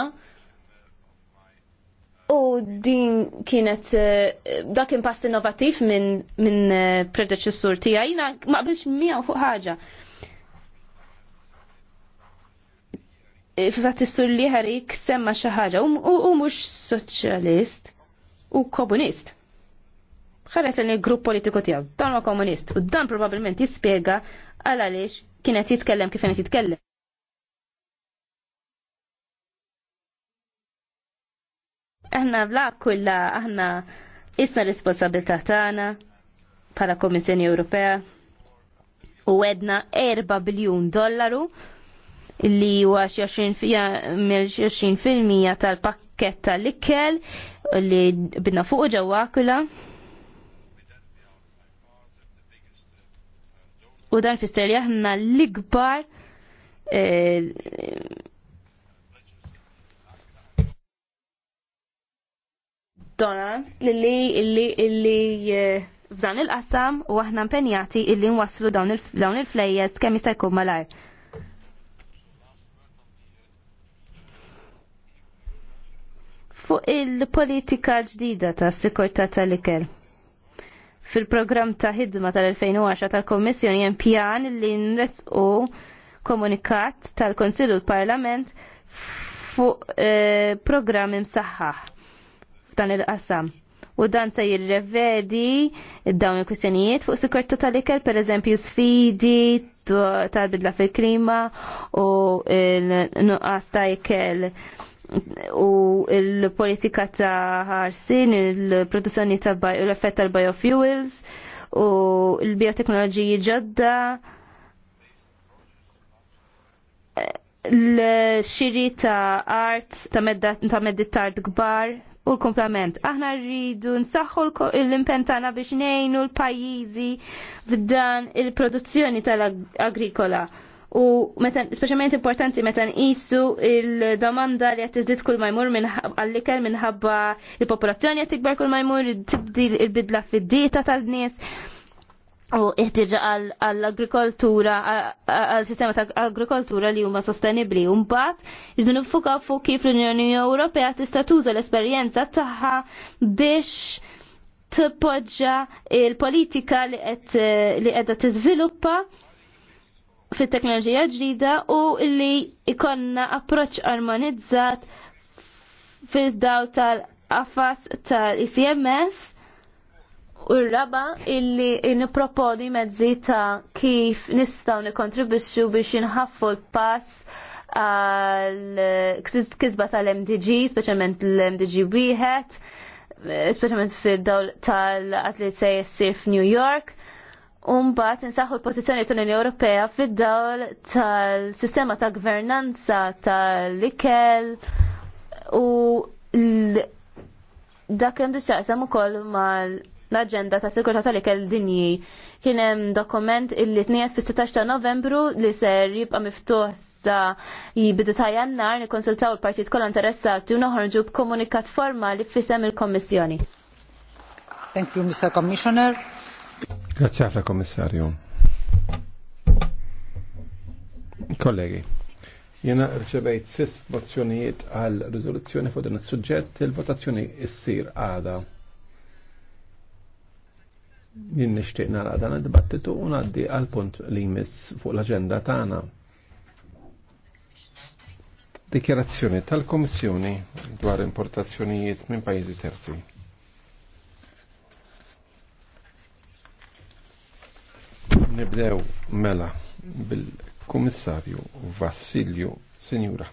U din kienet dak impass pass innovativ minn min predeċessur tiegħi, jiena ma biex miegħu fuq ħaġa. Fifat is-sur liħarik semma xi ħaġa u mhux soċjalist u komunist ħares li grupp politiku tiegħu dan huwa komunist u dan probabbilment jispjega għal għaliex kien qed jitkellem kif qed jitkellem. Aħna bla kulla aħna isna responsabilità tagħna bħala Komissjoni Ewropea u għedna 4 biljun dollaru li huwa xi 20 fil-mija tal-pakket tal-ikkel li bidna fuq ġewwa akula u dan fisser li aħna l-ikbar eh, Dona, li li eh, f'dan il-qasam u aħna impenjati illi nwasslu dawn il-flejjes kemm jista' jkun malajr. Fuq il-politika ġdida ta' sikurtà tal-ikel fil-programm ta' ħidma tal-2010 tal-Kommissjoni hemm pjan li u komunikat tal-Konsil u l-Parlament fuq e, program imsaħħaħ f'dan il-qasam. U dan se jirrevedi dawn il-kwistjonijiet fuq sikurta tal-ikel, per eżempju sfidi tal-bidla fil-klima u l-nuqqas ta' ikel u il-politika ta' ħarsin, il-produzzjoni ta' l-effett tal-biofuels u l-bioteknoloġiji ġodda l-xiri ta' art ta' meddit art gbar u l-komplement. Aħna rridu nsaħħu l-impentana biex nejnu l-pajizi f'dan il-produzzjoni tal-agrikola. -ag u speċjalment importanti meta nqisu il-domanda li qed kull ma jmur għall-ikel minħabba il-popolazzjoni qed kull ma jmur, il-bidla fid-dieta tal-nies u iħtieġa għall-agrikoltura, għall-sistema ta' agrikoltura li huma sostenibli. U mbagħad irdu nifukaw fuq kif l-Unjoni Ewropea tista' tuża l-esperjenza tagħha biex tpoġġa il-politika li qed tiżviluppa fit-teknoloġija ġdida u li ikonna approċ armonizzat fil-daw tal affas tal-ICMS u r-raba illi niproponi mezzi ta' kif nistaw nikontribixxu biex inħaffu l-pass għal-kizba tal-MDG, specialment l-MDG wieħed, eh, specialment fil-dawl tal-atlet se jessir f'New York Umbat nsaħħu l-pozizjoni tal-Unjoni Ewropea fid-dawl tal-sistema ta' gvernanza tal-ikel u dak li xaqsam ukoll mal-aġenda ta' sikurtà tal-ikel dinji. Kien hemm dokument illi tniet fis-16 ta' Novembru li ser jibqa' miftuħ sa jibidu ta' jannar nikkonsultaw il-partit kollha interessati u noħorġu b'komunikat formali f'isem il-Kommissjoni.
Thank you, Mr. Commissioner.
Grazie a commissario. Kollegi, jena rċebejt sis mozzjonijiet għal rizoluzzjoni fuq din is-suġġett il-votazzjoni issir għada. Jien nixtieq nara dan id-dibattitu u ngħaddi għal punt li jmiss fuq l-aġenda tagħna. Dikjerazzjoni tal-Komissjoni dwar importazzjonijiet minn pajjiżi terzi. Nibdew mela bil-Kummissarju Vassilju Sinjura.